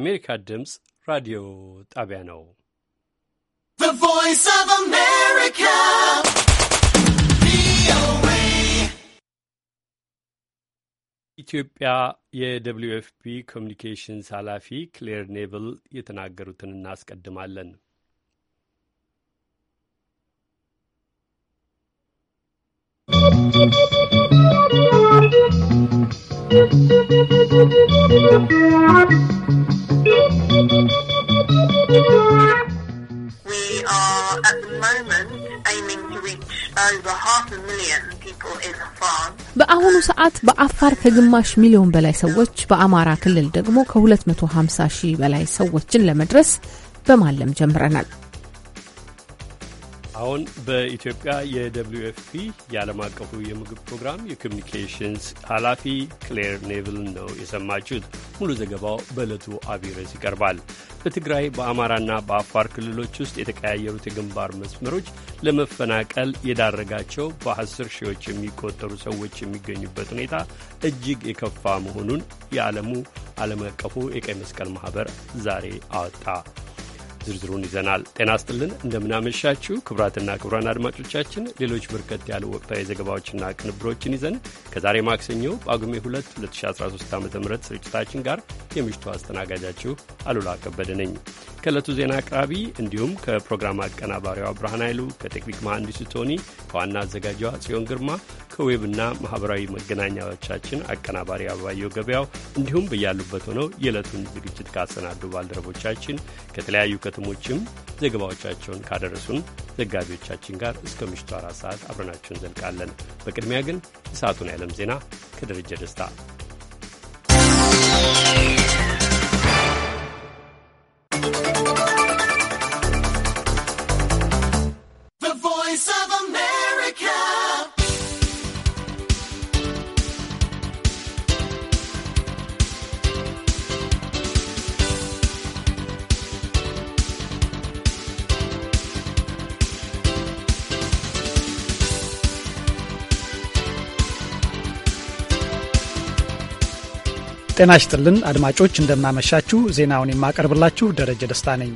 የአሜሪካ ድምፅ ራዲዮ ጣቢያ ነው። ኢትዮጵያ የደብሊዩ ኤፍፒ ኮሚኒኬሽንስ ኃላፊ ክሌር ኔብል የተናገሩትን እናስቀድማለን። We are at the moment aiming to reach over half a million people in France. በአሁኑ ሰዓት በአፋር ከግማሽ ሚሊዮን በላይ ሰዎች በአማራ ክልል ደግሞ ከ250 ሺህ በላይ ሰዎችን ለመድረስ በማለም ጀምረናል። አሁን በኢትዮጵያ የደብሊዩ ኤፍፒ የዓለም አቀፉ የምግብ ፕሮግራም የኮሚኒኬሽንስ ኃላፊ ክሌር ኔቭል ነው የሰማችሁት። ሙሉ ዘገባው በዕለቱ አቢረስ ይቀርባል። በትግራይ በአማራና በአፋር ክልሎች ውስጥ የተቀያየሩት የግንባር መስመሮች ለመፈናቀል የዳረጋቸው በአስር ሺዎች የሚቆጠሩ ሰዎች የሚገኙበት ሁኔታ እጅግ የከፋ መሆኑን የዓለሙ ዓለም አቀፉ የቀይ መስቀል ማኅበር ዛሬ አወጣ። ዝርዝሩን ይዘናል። ጤና ስጥልን፣ እንደምናመሻችሁ ክቡራትና ክቡራን አድማጮቻችን ሌሎች በርከት ያሉ ወቅታዊ ዘገባዎችና ቅንብሮችን ይዘን ከዛሬ ማክሰኞ ጳጉሜ 2 2013 ዓ ም ስርጭታችን ጋር የምሽቱ አስተናጋጃችሁ አሉላ ከበደ ነኝ ከዕለቱ ዜና አቅራቢ እንዲሁም ከፕሮግራም አቀናባሪዋ ብርሃን ኃይሉ፣ ከቴክኒክ መሐንዲሱ ቶኒ፣ ከዋና አዘጋጇ ጽዮን ግርማ ከዌብና ማኅበራዊ መገናኛዎቻችን አቀናባሪ አበባየው ገበያው እንዲሁም በያሉበት ሆነው የዕለቱን ዝግጅት ካሰናዱ ባልደረቦቻችን ከተለያዩ ከተሞችም ዘገባዎቻቸውን ካደረሱን ዘጋቢዎቻችን ጋር እስከ ምሽቱ አራት ሰዓት አብረናችሁ እንዘልቃለን። በቅድሚያ ግን የሰዓቱን የዓለም ዜና ከደረጀ ደስታ ጤና ይስጥልን አድማጮች፣ እንደምናመሻችሁ። ዜናውን የማቀርብላችሁ ደረጀ ደስታ ነኝ።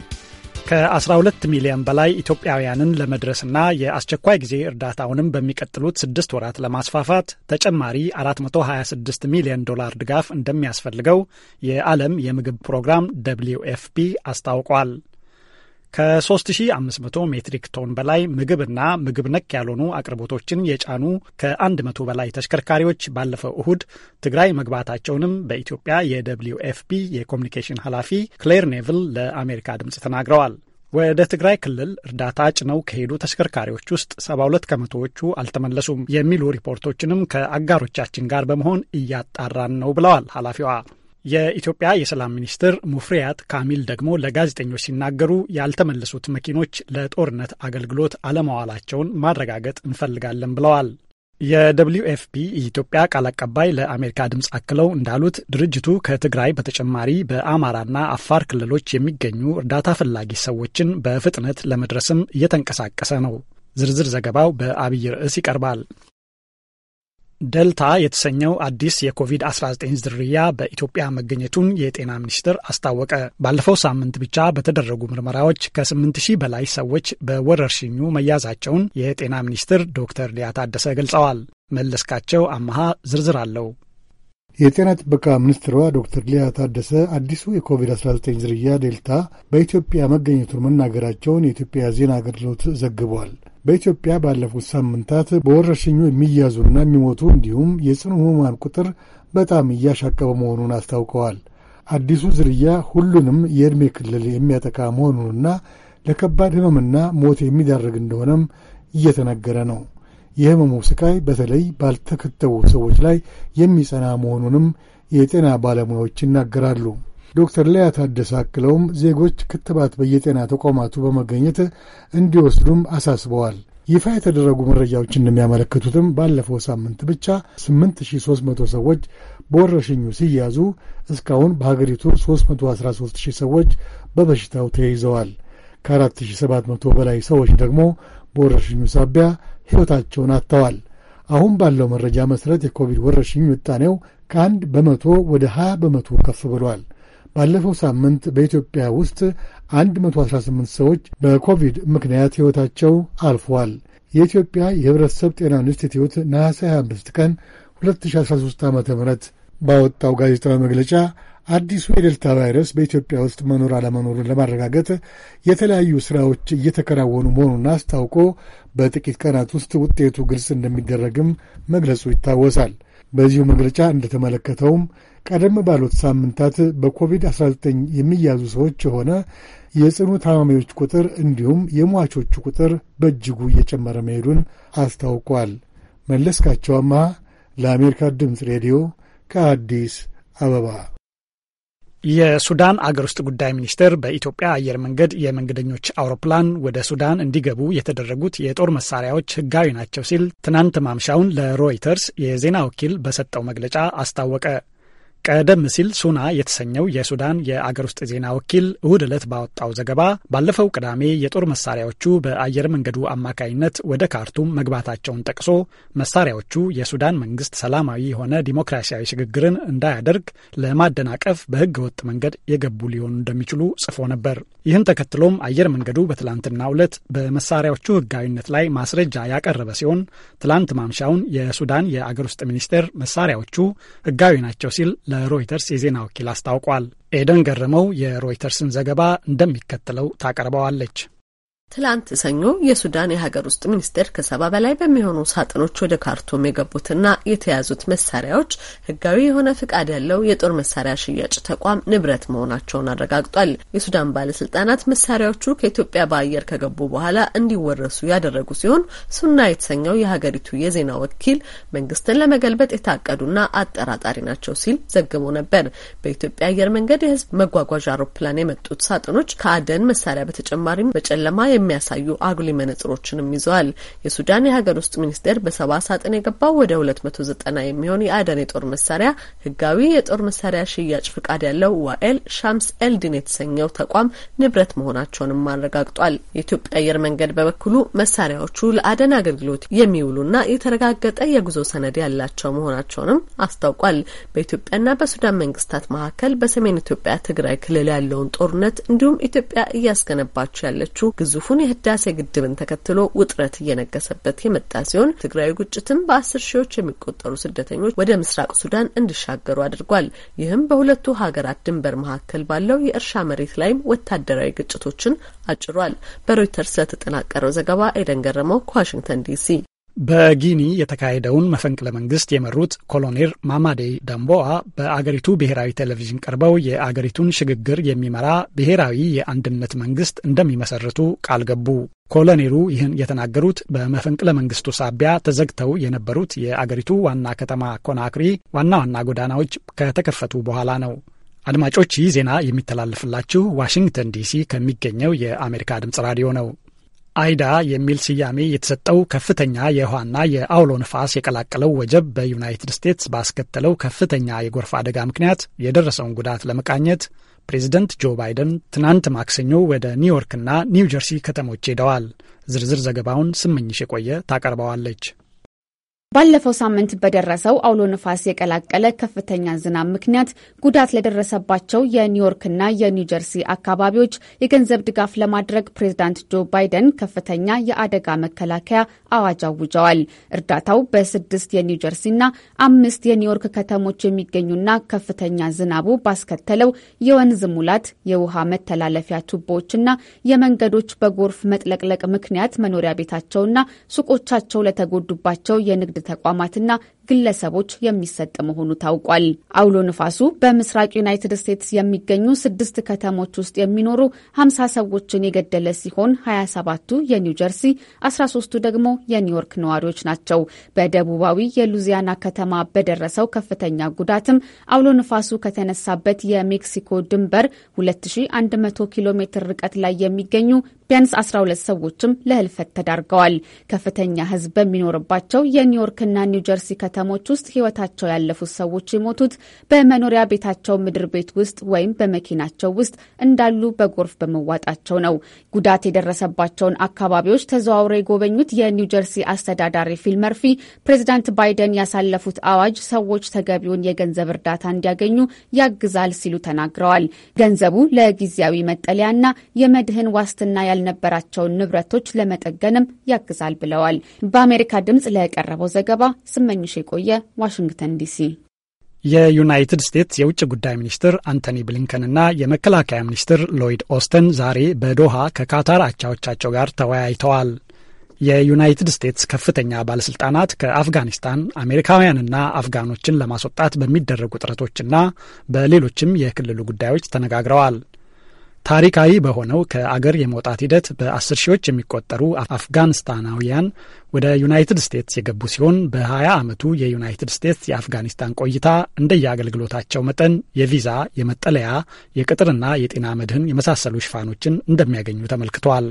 ከ12 ሚሊዮን በላይ ኢትዮጵያውያንን ለመድረስና የአስቸኳይ ጊዜ እርዳታውንም በሚቀጥሉት ስድስት ወራት ለማስፋፋት ተጨማሪ 426 ሚሊዮን ዶላር ድጋፍ እንደሚያስፈልገው የዓለም የምግብ ፕሮግራም ደብልዩ ኤፍፒ አስታውቋል። ከ3500 ሜትሪክ ቶን በላይ ምግብና ምግብ ነክ ያልሆኑ አቅርቦቶችን የጫኑ ከ100 በላይ ተሽከርካሪዎች ባለፈው እሁድ ትግራይ መግባታቸውንም በኢትዮጵያ የደብሊው ኤፍፒ የኮሚኒኬሽን ኃላፊ ክሌር ኔቭል ለአሜሪካ ድምፅ ተናግረዋል። ወደ ትግራይ ክልል እርዳታ ጭነው ከሄዱ ተሽከርካሪዎች ውስጥ 72 ከመቶዎቹ አልተመለሱም የሚሉ ሪፖርቶችንም ከአጋሮቻችን ጋር በመሆን እያጣራን ነው ብለዋል ኃላፊዋ። የኢትዮጵያ የሰላም ሚኒስትር ሙፍሪያት ካሚል ደግሞ ለጋዜጠኞች ሲናገሩ ያልተመለሱት መኪኖች ለጦርነት አገልግሎት አለመዋላቸውን ማረጋገጥ እንፈልጋለን ብለዋል። የደብሊው ኤፍፒ የኢትዮጵያ ቃል አቀባይ ለአሜሪካ ድምፅ አክለው እንዳሉት ድርጅቱ ከትግራይ በተጨማሪ በአማራና አፋር ክልሎች የሚገኙ እርዳታ ፈላጊ ሰዎችን በፍጥነት ለመድረስም እየተንቀሳቀሰ ነው። ዝርዝር ዘገባው በአብይ ርዕስ ይቀርባል። ደልታ የተሰኘው አዲስ የኮቪድ-19 ዝርያ በኢትዮጵያ መገኘቱን የጤና ሚኒስቴር አስታወቀ። ባለፈው ሳምንት ብቻ በተደረጉ ምርመራዎች ከ8 ሺህ በላይ ሰዎች በወረርሽኙ መያዛቸውን የጤና ሚኒስትር ዶክተር ሊያ ታደሰ ገልጸዋል። መለስካቸው አመሃ ዝርዝር አለው። የጤና ጥበቃ ሚኒስትሯ ዶክተር ሊያ ታደሰ አዲሱ የኮቪድ-19 ዝርያ ዴልታ በኢትዮጵያ መገኘቱን መናገራቸውን የኢትዮጵያ ዜና አገልግሎት ዘግቧል። በኢትዮጵያ ባለፉት ሳምንታት በወረርሽኙ የሚያዙና የሚሞቱ እንዲሁም የጽኑ ህሙማን ቁጥር በጣም እያሻቀበ መሆኑን አስታውቀዋል። አዲሱ ዝርያ ሁሉንም የዕድሜ ክልል የሚያጠቃ መሆኑንና ለከባድ ህመምና ሞት የሚዳርግ እንደሆነም እየተነገረ ነው። የህመሙ ስቃይ በተለይ ባልተከተቡ ሰዎች ላይ የሚጸና መሆኑንም የጤና ባለሙያዎች ይናገራሉ። ዶክተር ሊያ ታደሰ አክለውም ዜጎች ክትባት በየጤና ተቋማቱ በመገኘት እንዲወስዱም አሳስበዋል። ይፋ የተደረጉ መረጃዎች እንደሚያመለክቱትም ባለፈው ሳምንት ብቻ 8300 ሰዎች በወረሽኙ ሲያዙ እስካሁን በሀገሪቱ 313000 ሰዎች በበሽታው ተይዘዋል። ከ4700 በላይ ሰዎች ደግሞ በወረሽኙ ሳቢያ ሕይወታቸውን አጥተዋል። አሁን ባለው መረጃ መሠረት የኮቪድ ወረሽኝ ምጣኔው ከአንድ በመቶ ወደ 20 በመቶ ከፍ ብሏል። ባለፈው ሳምንት በኢትዮጵያ ውስጥ 118 ሰዎች በኮቪድ ምክንያት ሕይወታቸው አልፏል። የኢትዮጵያ የሕብረተሰብ ጤና ኢንስቲትዩት ነሐሴ 25 ቀን 2013 ዓ ም ባወጣው ጋዜጣዊ መግለጫ አዲሱ የዴልታ ቫይረስ በኢትዮጵያ ውስጥ መኖር አለመኖሩን ለማረጋገጥ የተለያዩ ሥራዎች እየተከናወኑ መሆኑን አስታውቆ በጥቂት ቀናት ውስጥ ውጤቱ ግልጽ እንደሚደረግም መግለጹ ይታወሳል። በዚሁ መግለጫ እንደተመለከተውም ቀደም ባሉት ሳምንታት በኮቪድ-19 የሚያዙ ሰዎች የሆነ የጽኑ ታማሚዎች ቁጥር እንዲሁም የሟቾቹ ቁጥር በእጅጉ እየጨመረ መሄዱን አስታውቋል። መለስካቸው አማሃ ለአሜሪካ ድምፅ ሬዲዮ ከአዲስ አበባ። የሱዳን አገር ውስጥ ጉዳይ ሚኒስቴር በኢትዮጵያ አየር መንገድ የመንገደኞች አውሮፕላን ወደ ሱዳን እንዲገቡ የተደረጉት የጦር መሳሪያዎች ሕጋዊ ናቸው ሲል ትናንት ማምሻውን ለሮይተርስ የዜና ወኪል በሰጠው መግለጫ አስታወቀ። ቀደም ሲል ሱና የተሰኘው የሱዳን የአገር ውስጥ ዜና ወኪል እሁድ ዕለት ባወጣው ዘገባ ባለፈው ቅዳሜ የጦር መሳሪያዎቹ በአየር መንገዱ አማካይነት ወደ ካርቱም መግባታቸውን ጠቅሶ መሳሪያዎቹ የሱዳን መንግስት ሰላማዊ የሆነ ዲሞክራሲያዊ ሽግግርን እንዳያደርግ ለማደናቀፍ በህገ ወጥ መንገድ የገቡ ሊሆኑ እንደሚችሉ ጽፎ ነበር። ይህን ተከትሎም አየር መንገዱ በትላንትናው ዕለት በመሳሪያዎቹ ህጋዊነት ላይ ማስረጃ ያቀረበ ሲሆን ትላንት ማምሻውን የሱዳን የአገር ውስጥ ሚኒስቴር መሳሪያዎቹ ህጋዊ ናቸው ሲል ለሮይተርስ የዜና ወኪል አስታውቋል። ኤደን ገረመው የሮይተርስን ዘገባ እንደሚከተለው ታቀርበዋለች። ትላንት ሰኞ የሱዳን የሀገር ውስጥ ሚኒስቴር ከሰባ በላይ በሚሆኑ ሳጥኖች ወደ ካርቱም የገቡትና የተያዙት መሳሪያዎች ህጋዊ የሆነ ፍቃድ ያለው የጦር መሳሪያ ሽያጭ ተቋም ንብረት መሆናቸውን አረጋግጧል። የሱዳን ባለስልጣናት መሳሪያዎቹ ከኢትዮጵያ በአየር ከገቡ በኋላ እንዲወረሱ ያደረጉ ሲሆን ሱና የተሰኘው የሀገሪቱ የዜና ወኪል መንግስትን ለመገልበጥ የታቀዱና አጠራጣሪ ናቸው ሲል ዘግቦ ነበር። በኢትዮጵያ አየር መንገድ የህዝብ መጓጓዣ አውሮፕላን የመጡት ሳጥኖች ከአደን መሳሪያ በተጨማሪም በጨለማ የሚያሳዩ አጉሊ መነጽሮችንም ይዘዋል። የሱዳን የሀገር ውስጥ ሚኒስቴር በሰባ ሳጥን የገባው ወደ ሁለት መቶ ዘጠና የሚሆን የአደን የጦር መሳሪያ ህጋዊ የጦር መሳሪያ ሽያጭ ፍቃድ ያለው ዋኤል ሻምስ ኤልዲን የተሰኘው ተቋም ንብረት መሆናቸውንም አረጋግጧል። የኢትዮጵያ አየር መንገድ በበኩሉ መሳሪያዎቹ ለአደን አገልግሎት የሚውሉና የተረጋገጠ የጉዞ ሰነድ ያላቸው መሆናቸውንም አስታውቋል። በኢትዮጵያና በሱዳን መንግስታት መካከል በሰሜን ኢትዮጵያ ትግራይ ክልል ያለውን ጦርነት እንዲሁም ኢትዮጵያ እያስገነባቸው ያለችው ግዙፉ መከሰቱን የህዳሴ ግድብን ተከትሎ ውጥረት እየነገሰበት የመጣ ሲሆን ትግራዊ ግጭትም በአስር ሺዎች የሚቆጠሩ ስደተኞች ወደ ምስራቅ ሱዳን እንዲሻገሩ አድርጓል። ይህም በሁለቱ ሀገራት ድንበር መካከል ባለው የእርሻ መሬት ላይም ወታደራዊ ግጭቶችን አጭሯል። በሮይተርስ ለተጠናቀረው ዘገባ ኤደን ገረመው ከዋሽንግተን ዲሲ በጊኒ የተካሄደውን መፈንቅለ መንግስት የመሩት ኮሎኔል ማማዴ ዳምቦዋ በአገሪቱ ብሔራዊ ቴሌቪዥን ቀርበው የአገሪቱን ሽግግር የሚመራ ብሔራዊ የአንድነት መንግስት እንደሚመሰርቱ ቃል ገቡ። ኮሎኔሉ ይህን የተናገሩት በመፈንቅለ መንግስቱ ሳቢያ ተዘግተው የነበሩት የአገሪቱ ዋና ከተማ ኮናክሪ ዋና ዋና ጎዳናዎች ከተከፈቱ በኋላ ነው። አድማጮች ይህ ዜና የሚተላለፍላችሁ ዋሽንግተን ዲሲ ከሚገኘው የአሜሪካ ድምጽ ራዲዮ ነው። አይዳ የሚል ስያሜ የተሰጠው ከፍተኛ የውሃና የአውሎ ንፋስ የቀላቀለው ወጀብ በዩናይትድ ስቴትስ ባስከተለው ከፍተኛ የጎርፍ አደጋ ምክንያት የደረሰውን ጉዳት ለመቃኘት ፕሬዚደንት ጆ ባይደን ትናንት ማክሰኞ ወደ ኒውዮርክና ኒውጀርሲ ከተሞች ሄደዋል። ዝርዝር ዘገባውን ስመኝሽ የቆየ ታቀርበዋለች። ባለፈው ሳምንት በደረሰው አውሎ ነፋስ የቀላቀለ ከፍተኛ ዝናብ ምክንያት ጉዳት ለደረሰባቸው የኒውዮርክና የኒውጀርሲ አካባቢዎች የገንዘብ ድጋፍ ለማድረግ ፕሬዝዳንት ጆ ባይደን ከፍተኛ የአደጋ መከላከያ አዋጅ አውጀዋል። እርዳታው በስድስት የኒውጀርሲና አምስት የኒውዮርክ ከተሞች የሚገኙና ከፍተኛ ዝናቡ ባስከተለው የወንዝ ሙላት፣ የውሃ መተላለፊያ ቱቦዎችና የመንገዶች በጎርፍ መጥለቅለቅ ምክንያት መኖሪያ ቤታቸውና ሱቆቻቸው ለተጎዱባቸው የንግድ የንግድ ተቋማትና ግለሰቦች የሚሰጥ መሆኑ ታውቋል። አውሎ ንፋሱ በምስራቅ ዩናይትድ ስቴትስ የሚገኙ ስድስት ከተሞች ውስጥ የሚኖሩ 50 ሰዎችን የገደለ ሲሆን 27ቱ የኒው ጀርሲ፣ 13ቱ ደግሞ የኒውዮርክ ነዋሪዎች ናቸው። በደቡባዊ የሉዚያና ከተማ በደረሰው ከፍተኛ ጉዳትም አውሎ ንፋሱ ከተነሳበት የሜክሲኮ ድንበር 2100 ኪሎ ሜትር ርቀት ላይ የሚገኙ ቢያንስ 12 ሰዎችም ለህልፈት ተዳርገዋል። ከፍተኛ ህዝብ በሚኖርባቸው የኒውዮርክና ኒውጀርሲ ከተሞች ውስጥ ሕይወታቸው ያለፉት ሰዎች የሞቱት በመኖሪያ ቤታቸው ምድር ቤት ውስጥ ወይም በመኪናቸው ውስጥ እንዳሉ በጎርፍ በመዋጣቸው ነው። ጉዳት የደረሰባቸውን አካባቢዎች ተዘዋውረው የጎበኙት የኒው ጀርሲ አስተዳዳሪ ፊል መርፊ ፕሬዚዳንት ባይደን ያሳለፉት አዋጅ ሰዎች ተገቢውን የገንዘብ እርዳታ እንዲያገኙ ያግዛል ሲሉ ተናግረዋል። ገንዘቡ ለጊዜያዊ መጠለያና የመድህን ዋስትና ያልነበራቸውን ንብረቶች ለመጠገንም ያግዛል ብለዋል። በአሜሪካ ድምጽ ለቀረበው ዘገባ ስመኝሽ የቆየ ዋሽንግተን ዲሲ። የዩናይትድ ስቴትስ የውጭ ጉዳይ ሚኒስትር አንቶኒ ብሊንከንና የመከላከያ ሚኒስትር ሎይድ ኦስተን ዛሬ በዶሃ ከካታር አቻዎቻቸው ጋር ተወያይተዋል። የዩናይትድ ስቴትስ ከፍተኛ ባለስልጣናት ከአፍጋኒስታን አሜሪካውያንና አፍጋኖችን ለማስወጣት በሚደረጉ ጥረቶችና በሌሎችም የክልሉ ጉዳዮች ተነጋግረዋል። ታሪካዊ በሆነው ከአገር የመውጣት ሂደት በአስር ሺዎች የሚቆጠሩ አፍጋኒስታናውያን ወደ ዩናይትድ ስቴትስ የገቡ ሲሆን በ20 ዓመቱ የዩናይትድ ስቴትስ የአፍጋኒስታን ቆይታ እንደየአገልግሎታቸው መጠን የቪዛ፣ የመጠለያ፣ የቅጥርና የጤና መድህን የመሳሰሉ ሽፋኖችን እንደሚያገኙ ተመልክቷል።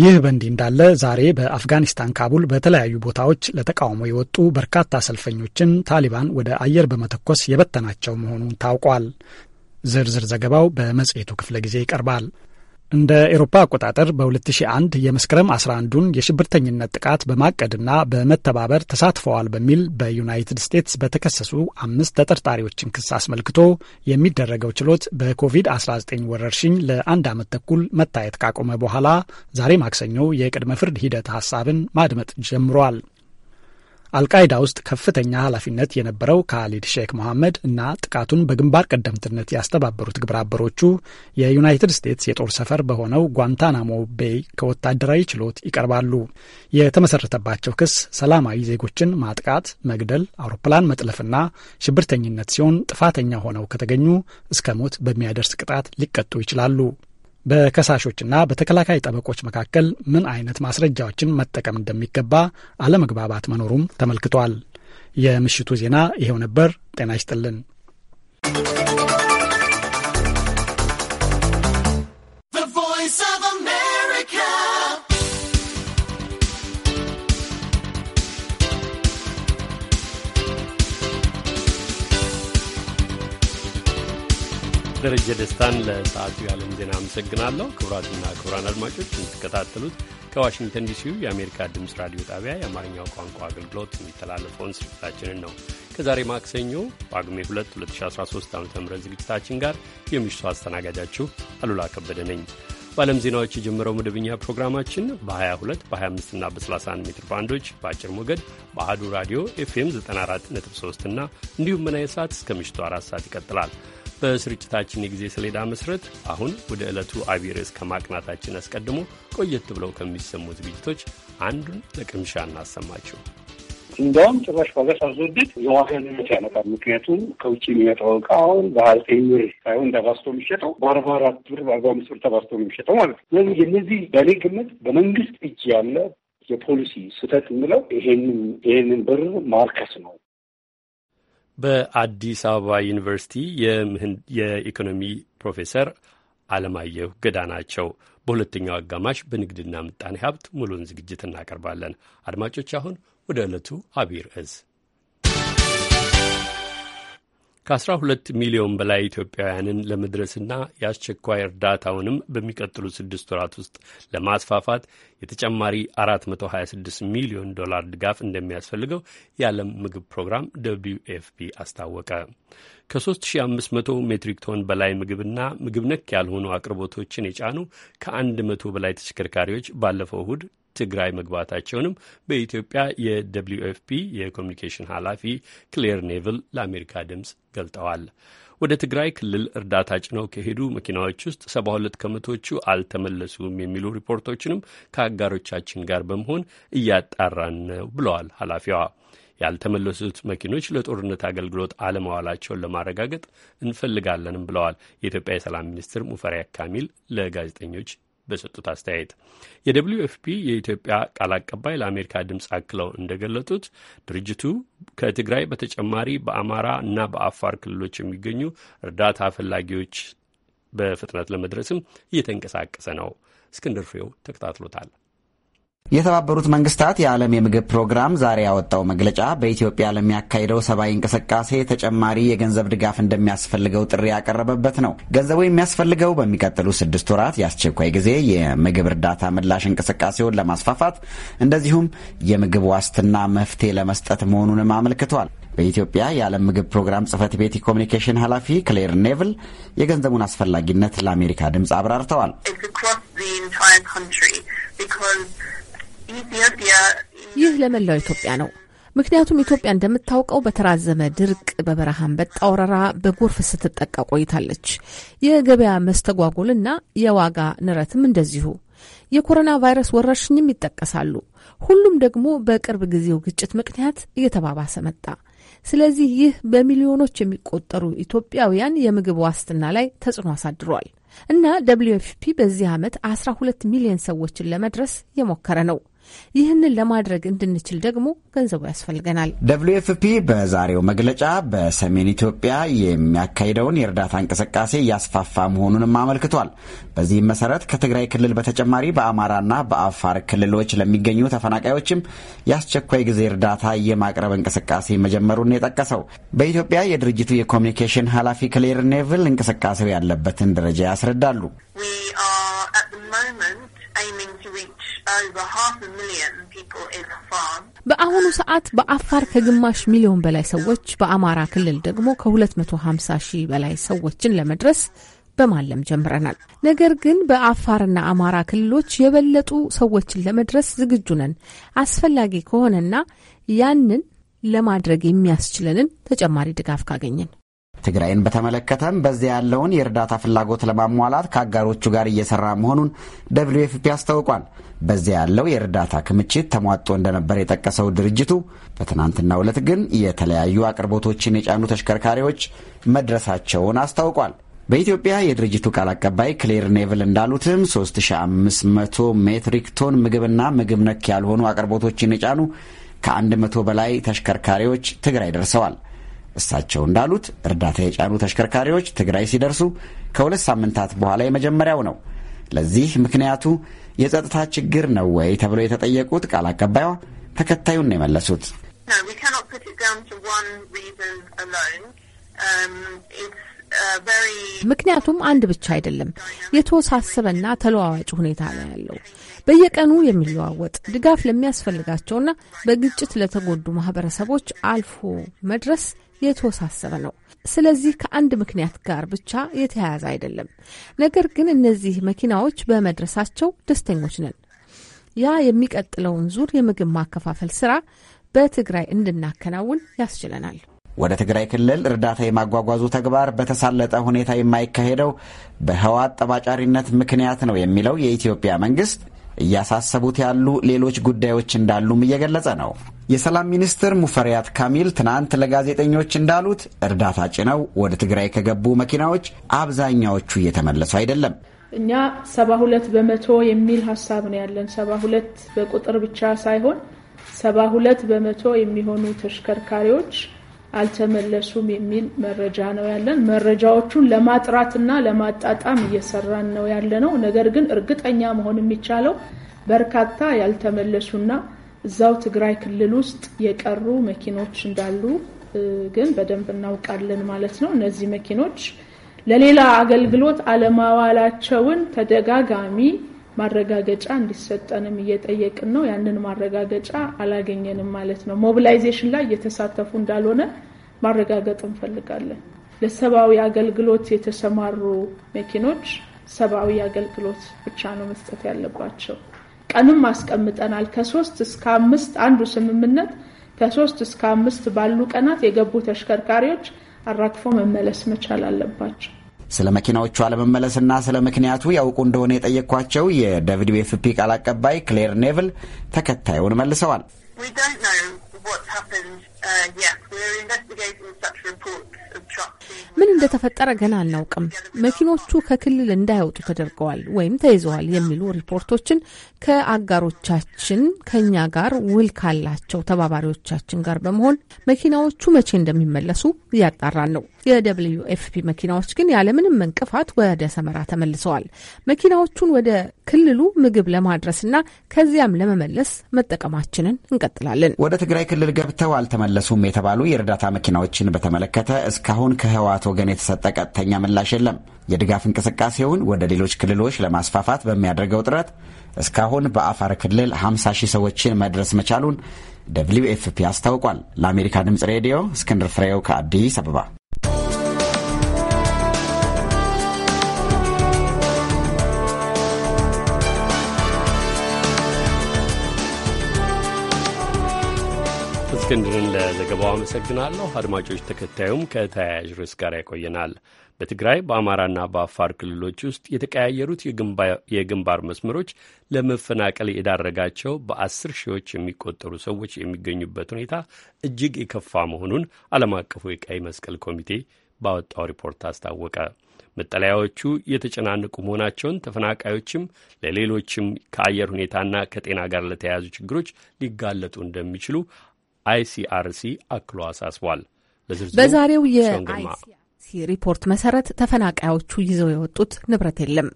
ይህ በእንዲህ እንዳለ ዛሬ በአፍጋኒስታን ካቡል በተለያዩ ቦታዎች ለተቃውሞ የወጡ በርካታ ሰልፈኞችን ታሊባን ወደ አየር በመተኮስ የበተናቸው መሆኑን ታውቋል። ዝርዝር ዘገባው በመጽሔቱ ክፍለ ጊዜ ይቀርባል። እንደ ኤሮፓ አቆጣጠር በ2001 የመስከረም 11ዱን የሽብርተኝነት ጥቃት በማቀድና በመተባበር ተሳትፈዋል በሚል በዩናይትድ ስቴትስ በተከሰሱ አምስት ተጠርጣሪዎችን ክስ አስመልክቶ የሚደረገው ችሎት በኮቪድ-19 ወረርሽኝ ለአንድ ዓመት ተኩል መታየት ካቆመ በኋላ ዛሬ ማክሰኞ የቅድመ ፍርድ ሂደት ሀሳብን ማድመጥ ጀምሯል። አልቃይዳ ውስጥ ከፍተኛ ኃላፊነት የነበረው ካሊድ ሼክ መሐመድ እና ጥቃቱን በግንባር ቀደምትነት ያስተባበሩት ግብረአበሮቹ የዩናይትድ ስቴትስ የጦር ሰፈር በሆነው ጓንታናሞ ቤይ ከወታደራዊ ችሎት ይቀርባሉ። የተመሰረተባቸው ክስ ሰላማዊ ዜጎችን ማጥቃት፣ መግደል፣ አውሮፕላን መጥለፍና ሽብርተኝነት ሲሆን ጥፋተኛ ሆነው ከተገኙ እስከ ሞት በሚያደርስ ቅጣት ሊቀጡ ይችላሉ። በከሳሾችና በተከላካይ ጠበቆች መካከል ምን አይነት ማስረጃዎችን መጠቀም እንደሚገባ አለመግባባት መኖሩም ተመልክቷል። የምሽቱ ዜና ይሄው ነበር። ጤና ይስጥልን። ደረጀ ደስታን ለሰዓቱ የዓለም ዜና አመሰግናለሁ። ክቡራትና ክቡራን አድማጮች የምትከታተሉት ከዋሽንግተን ዲሲው የአሜሪካ ድምፅ ራዲዮ ጣቢያ የአማርኛው ቋንቋ አገልግሎት የሚተላለፈውን ስርጭታችንን ነው። ከዛሬ ማክሰኞ ጳጉሜ 2 2013 ዓ ም ዝግጅታችን ጋር የምሽቱ አስተናጋጃችሁ አሉላ ከበደ ነኝ። በዓለም ዜናዎች የጀመረው መደበኛ ፕሮግራማችን በ22 በ25 እና በ31 ሜትር ባንዶች በአጭር ሞገድ በአህዱ ራዲዮ ኤፍኤም 94.3 እና እንዲሁም መናየት ሰዓት እስከ ምሽቱ አራት ሰዓት ይቀጥላል። በስርጭታችን የጊዜ ሰሌዳ መሰረት አሁን ወደ ዕለቱ አብይ ርዕስ ከማቅናታችን አስቀድሞ ቆየት ብለው ከሚሰሙ ዝግጅቶች አንዱን ለቅምሻ እናሰማችሁ። እንዲያውም ጭራሽ ዋጋ ሳስወድድ የዋጋ ንረት ያመጣል። ምክንያቱም ከውጭ የሚመጣው እቃ አሁን በሀልቴ ብር ሳይሆን ተባዝቶ የሚሸጠው በአርባ አራት ብር በአርባ አምስት ብር ተባዝቶ የሚሸጠው ማለት ነው። ስለዚህ የነዚህ በእኔ ግምት በመንግስት እጅ ያለ የፖሊሲ ስህተት የምለው ይሄንን ይሄንን ብር ማርከስ ነው። በአዲስ አበባ ዩኒቨርሲቲ የኢኮኖሚ ፕሮፌሰር አለማየሁ ገዳ ናቸው። በሁለተኛው አጋማሽ በንግድና ምጣኔ ሀብት ሙሉውን ዝግጅት እናቀርባለን። አድማጮች፣ አሁን ወደ ዕለቱ አብይ ርዕስ ከ12 ሚሊዮን በላይ ኢትዮጵያውያንን ለመድረስና የአስቸኳይ እርዳታውንም በሚቀጥሉ ስድስት ወራት ውስጥ ለማስፋፋት የተጨማሪ 426 ሚሊዮን ዶላር ድጋፍ እንደሚያስፈልገው የዓለም ምግብ ፕሮግራም ደብሊው ኤፍፒ አስታወቀ። ከ3500 ሜትሪክ ቶን በላይ ምግብና ምግብ ነክ ያልሆኑ አቅርቦቶችን የጫኑ ከ100 በላይ ተሽከርካሪዎች ባለፈው እሁድ ትግራይ መግባታቸውንም በኢትዮጵያ የደብሊዩ ኤፍፒ የኮሚኒኬሽን ኃላፊ ክሌር ኔቭል ለአሜሪካ ድምፅ ገልጠዋል። ወደ ትግራይ ክልል እርዳታ ጭነው ከሄዱ መኪናዎች ውስጥ ሰባ ሁለት ከመቶቹ አልተመለሱም የሚሉ ሪፖርቶችንም ከአጋሮቻችን ጋር በመሆን እያጣራን ነው ብለዋል ኃላፊዋ። ያልተመለሱት መኪኖች ለጦርነት አገልግሎት አለመዋላቸውን ለማረጋገጥ እንፈልጋለንም ብለዋል። የኢትዮጵያ የሰላም ሚኒስትር ሙፈሪያ ካሚል ለጋዜጠኞች በሰጡት አስተያየት የደብሊዩ ኤፍ የኢትዮጵያ ቃል አቀባይ ለአሜሪካ ድምፅ አክለው እንደገለጡት ድርጅቱ ከትግራይ በተጨማሪ በአማራ እና በአፋር ክልሎች የሚገኙ እርዳታ ፈላጊዎች በፍጥነት ለመድረስም እየተንቀሳቀሰ ነው። እስክንድር ፍሬው ተከታትሎታል። የተባበሩት መንግስታት የዓለም የምግብ ፕሮግራም ዛሬ ያወጣው መግለጫ በኢትዮጵያ ለሚያካሂደው ሰብአዊ እንቅስቃሴ ተጨማሪ የገንዘብ ድጋፍ እንደሚያስፈልገው ጥሪ ያቀረበበት ነው። ገንዘቡ የሚያስፈልገው በሚቀጥሉ ስድስት ወራት የአስቸኳይ ጊዜ የምግብ እርዳታ ምላሽ እንቅስቃሴውን ለማስፋፋት እንደዚሁም የምግብ ዋስትና መፍትሄ ለመስጠት መሆኑንም አመልክቷል። በኢትዮጵያ የዓለም ምግብ ፕሮግራም ጽህፈት ቤት የኮሚኒኬሽን ኃላፊ ክሌር ኔቭል የገንዘቡን አስፈላጊነት ለአሜሪካ ድምፅ አብራርተዋል። ይህ ለመላው ኢትዮጵያ ነው። ምክንያቱም ኢትዮጵያ እንደምታውቀው በተራዘመ ድርቅ፣ በበረሃ አንበጣ ወረራ፣ በጎርፍ ስትጠቃ ቆይታለች። የገበያ መስተጓጎልና የዋጋ ንረትም እንደዚሁ። የኮሮና ቫይረስ ወረርሽኝም ይጠቀሳሉ። ሁሉም ደግሞ በቅርብ ጊዜው ግጭት ምክንያት እየተባባሰ መጣ። ስለዚህ ይህ በሚሊዮኖች የሚቆጠሩ ኢትዮጵያውያን የምግብ ዋስትና ላይ ተጽዕኖ አሳድሯል እና ደብሊዩ ኤፍፒ በዚህ ዓመት 12 ሚሊዮን ሰዎችን ለመድረስ የሞከረ ነው። ይህንን ለማድረግ እንድንችል ደግሞ ገንዘቡ ያስፈልገናል። ደብሊው ኤፍ ፒ በዛሬው መግለጫ በሰሜን ኢትዮጵያ የሚያካሂደውን የእርዳታ እንቅስቃሴ እያስፋፋ መሆኑንም አመልክቷል። በዚህም መሰረት ከትግራይ ክልል በተጨማሪ በአማራና በአፋር ክልሎች ለሚገኙ ተፈናቃዮችም የአስቸኳይ ጊዜ እርዳታ የማቅረብ እንቅስቃሴ መጀመሩን የጠቀሰው በኢትዮጵያ የድርጅቱ የኮሚኒኬሽን ኃላፊ ክሌር ኔቭል እንቅስቃሴው ያለበትን ደረጃ ያስረዳሉ። We are at the moment aiming to reach በአሁኑ ሰዓት በአፋር ከግማሽ ሚሊዮን በላይ ሰዎች በአማራ ክልል ደግሞ ከ250 ሺህ በላይ ሰዎችን ለመድረስ በማለም ጀምረናል። ነገር ግን በአፋርና አማራ ክልሎች የበለጡ ሰዎችን ለመድረስ ዝግጁ ነን። አስፈላጊ ከሆነና ያንን ለማድረግ የሚያስችለንን ተጨማሪ ድጋፍ ካገኘን ትግራይን በተመለከተም በዚያ ያለውን የእርዳታ ፍላጎት ለማሟላት ከአጋሮቹ ጋር እየሰራ መሆኑን ደብሊው ኤፍፒ አስታውቋል። በዚያ ያለው የእርዳታ ክምችት ተሟጦ እንደነበር የጠቀሰው ድርጅቱ በትናንትናው ዕለት ግን የተለያዩ አቅርቦቶችን የጫኑ ተሽከርካሪዎች መድረሳቸውን አስታውቋል። በኢትዮጵያ የድርጅቱ ቃል አቀባይ ክሌር ኔቭል እንዳሉትም 3500 ሜትሪክ ቶን ምግብና ምግብ ነክ ያልሆኑ አቅርቦቶችን የጫኑ ከ100 በላይ ተሽከርካሪዎች ትግራይ ደርሰዋል። እሳቸው እንዳሉት እርዳታ የጫኑ ተሽከርካሪዎች ትግራይ ሲደርሱ ከሁለት ሳምንታት በኋላ የመጀመሪያው ነው። ለዚህ ምክንያቱ የጸጥታ ችግር ነው ወይ ተብለው የተጠየቁት ቃል አቀባይዋ ተከታዩን ነው የመለሱት። um, ምክንያቱም አንድ ብቻ አይደለም። የተወሳሰበና ተለዋዋጭ ሁኔታ ነው ያለው። በየቀኑ የሚለዋወጥ ድጋፍ ለሚያስፈልጋቸውና በግጭት ለተጎዱ ማህበረሰቦች አልፎ መድረስ የተወሳሰበ ነው። ስለዚህ ከአንድ ምክንያት ጋር ብቻ የተያያዘ አይደለም። ነገር ግን እነዚህ መኪናዎች በመድረሳቸው ደስተኞች ነን። ያ የሚቀጥለውን ዙር የምግብ ማከፋፈል ስራ በትግራይ እንድናከናውን ያስችለናል። ወደ ትግራይ ክልል እርዳታ የማጓጓዙ ተግባር በተሳለጠ ሁኔታ የማይካሄደው በህወሓት ጠባጫሪነት ምክንያት ነው የሚለው የኢትዮጵያ መንግስት እያሳሰቡት ያሉ ሌሎች ጉዳዮች እንዳሉም እየገለጸ ነው። የሰላም ሚኒስትር ሙፈሪያት ካሚል ትናንት ለጋዜጠኞች እንዳሉት እርዳታ ጭነው ወደ ትግራይ ከገቡ መኪናዎች አብዛኛዎቹ እየተመለሱ አይደለም። እኛ ሰባ ሁለት በመቶ የሚል ሀሳብ ነው ያለን። ሰባ ሁለት በቁጥር ብቻ ሳይሆን ሰባ ሁለት በመቶ የሚሆኑ ተሽከርካሪዎች አልተመለሱም የሚል መረጃ ነው ያለን። መረጃዎቹን ለማጥራትና ለማጣጣም እየሰራን ነው ያለ ነው። ነገር ግን እርግጠኛ መሆን የሚቻለው በርካታ ያልተመለሱና እዛው ትግራይ ክልል ውስጥ የቀሩ መኪኖች እንዳሉ ግን በደንብ እናውቃለን ማለት ነው። እነዚህ መኪኖች ለሌላ አገልግሎት አለማዋላቸውን ተደጋጋሚ ማረጋገጫ እንዲሰጠንም እየጠየቅን ነው። ያንን ማረጋገጫ አላገኘንም ማለት ነው። ሞቢላይዜሽን ላይ እየተሳተፉ እንዳልሆነ ማረጋገጥ እንፈልጋለን። ለሰብአዊ አገልግሎት የተሰማሩ መኪኖች ሰብአዊ አገልግሎት ብቻ ነው መስጠት ያለባቸው። ቀንም አስቀምጠናል። ከሶስት እስከ አምስት አንዱ ስምምነት ከሶስት እስከ አምስት ባሉ ቀናት የገቡ ተሽከርካሪዎች አራግፎ መመለስ መቻል አለባቸው። ስለ መኪናዎቹ አለመመለስና ስለ ምክንያቱ ያውቁ እንደሆነ የጠየቅኳቸው ቤፍፒ ቃል አቀባይ ክሌር ኔቭል ተከታዩን መልሰዋል። ምን እንደተፈጠረ ገና አናውቅም። መኪኖቹ ከክልል እንዳይወጡ ተደርገዋል ወይም ተይዘዋል የሚሉ ሪፖርቶችን ከአጋሮቻችን ከኛ ጋር ውል ካላቸው ተባባሪዎቻችን ጋር በመሆን መኪናዎቹ መቼ እንደሚመለሱ እያጣራን ነው። የደብልዩ ኤፍፒ መኪናዎች ግን ያለምንም እንቅፋት ወደ ሰመራ ተመልሰዋል። መኪናዎቹን ወደ ክልሉ ምግብ ለማድረስና ከዚያም ለመመለስ መጠቀማችንን እንቀጥላለን። ወደ ትግራይ ክልል ገብተው አልተመለሱም የተባሉ የእርዳታ መኪናዎችን በተመለከተ እስካሁን ከ ከህወሓት ወገን የተሰጠ ቀጥተኛ ምላሽ የለም። የድጋፍ እንቅስቃሴውን ወደ ሌሎች ክልሎች ለማስፋፋት በሚያደርገው ጥረት እስካሁን በአፋር ክልል 50 ሺህ ሰዎችን መድረስ መቻሉን ደብሊው ኤፍፒ አስታውቋል። ለአሜሪካ ድምፅ ሬዲዮ እስክንድር ፍሬው ከአዲስ አበባ እስክንድርን ለዘገባው አመሰግናለሁ። አድማጮች፣ ተከታዩም ከተያያዥ ርዕስ ጋር ያቆየናል። በትግራይ በአማራና በአፋር ክልሎች ውስጥ የተቀያየሩት የግንባር መስመሮች ለመፈናቀል የዳረጋቸው በአስር ሺዎች የሚቆጠሩ ሰዎች የሚገኙበት ሁኔታ እጅግ የከፋ መሆኑን ዓለም አቀፉ የቀይ መስቀል ኮሚቴ ባወጣው ሪፖርት አስታወቀ። መጠለያዎቹ የተጨናነቁ መሆናቸውን ተፈናቃዮችም ለሌሎችም ከአየር ሁኔታና ከጤና ጋር ለተያያዙ ችግሮች ሊጋለጡ እንደሚችሉ አይሲአርሲ አክሎ አሳስቧል። በዛሬው የአይሲአርሲ ሪፖርት መሰረት ተፈናቃዮቹ ይዘው የወጡት ንብረት የለም።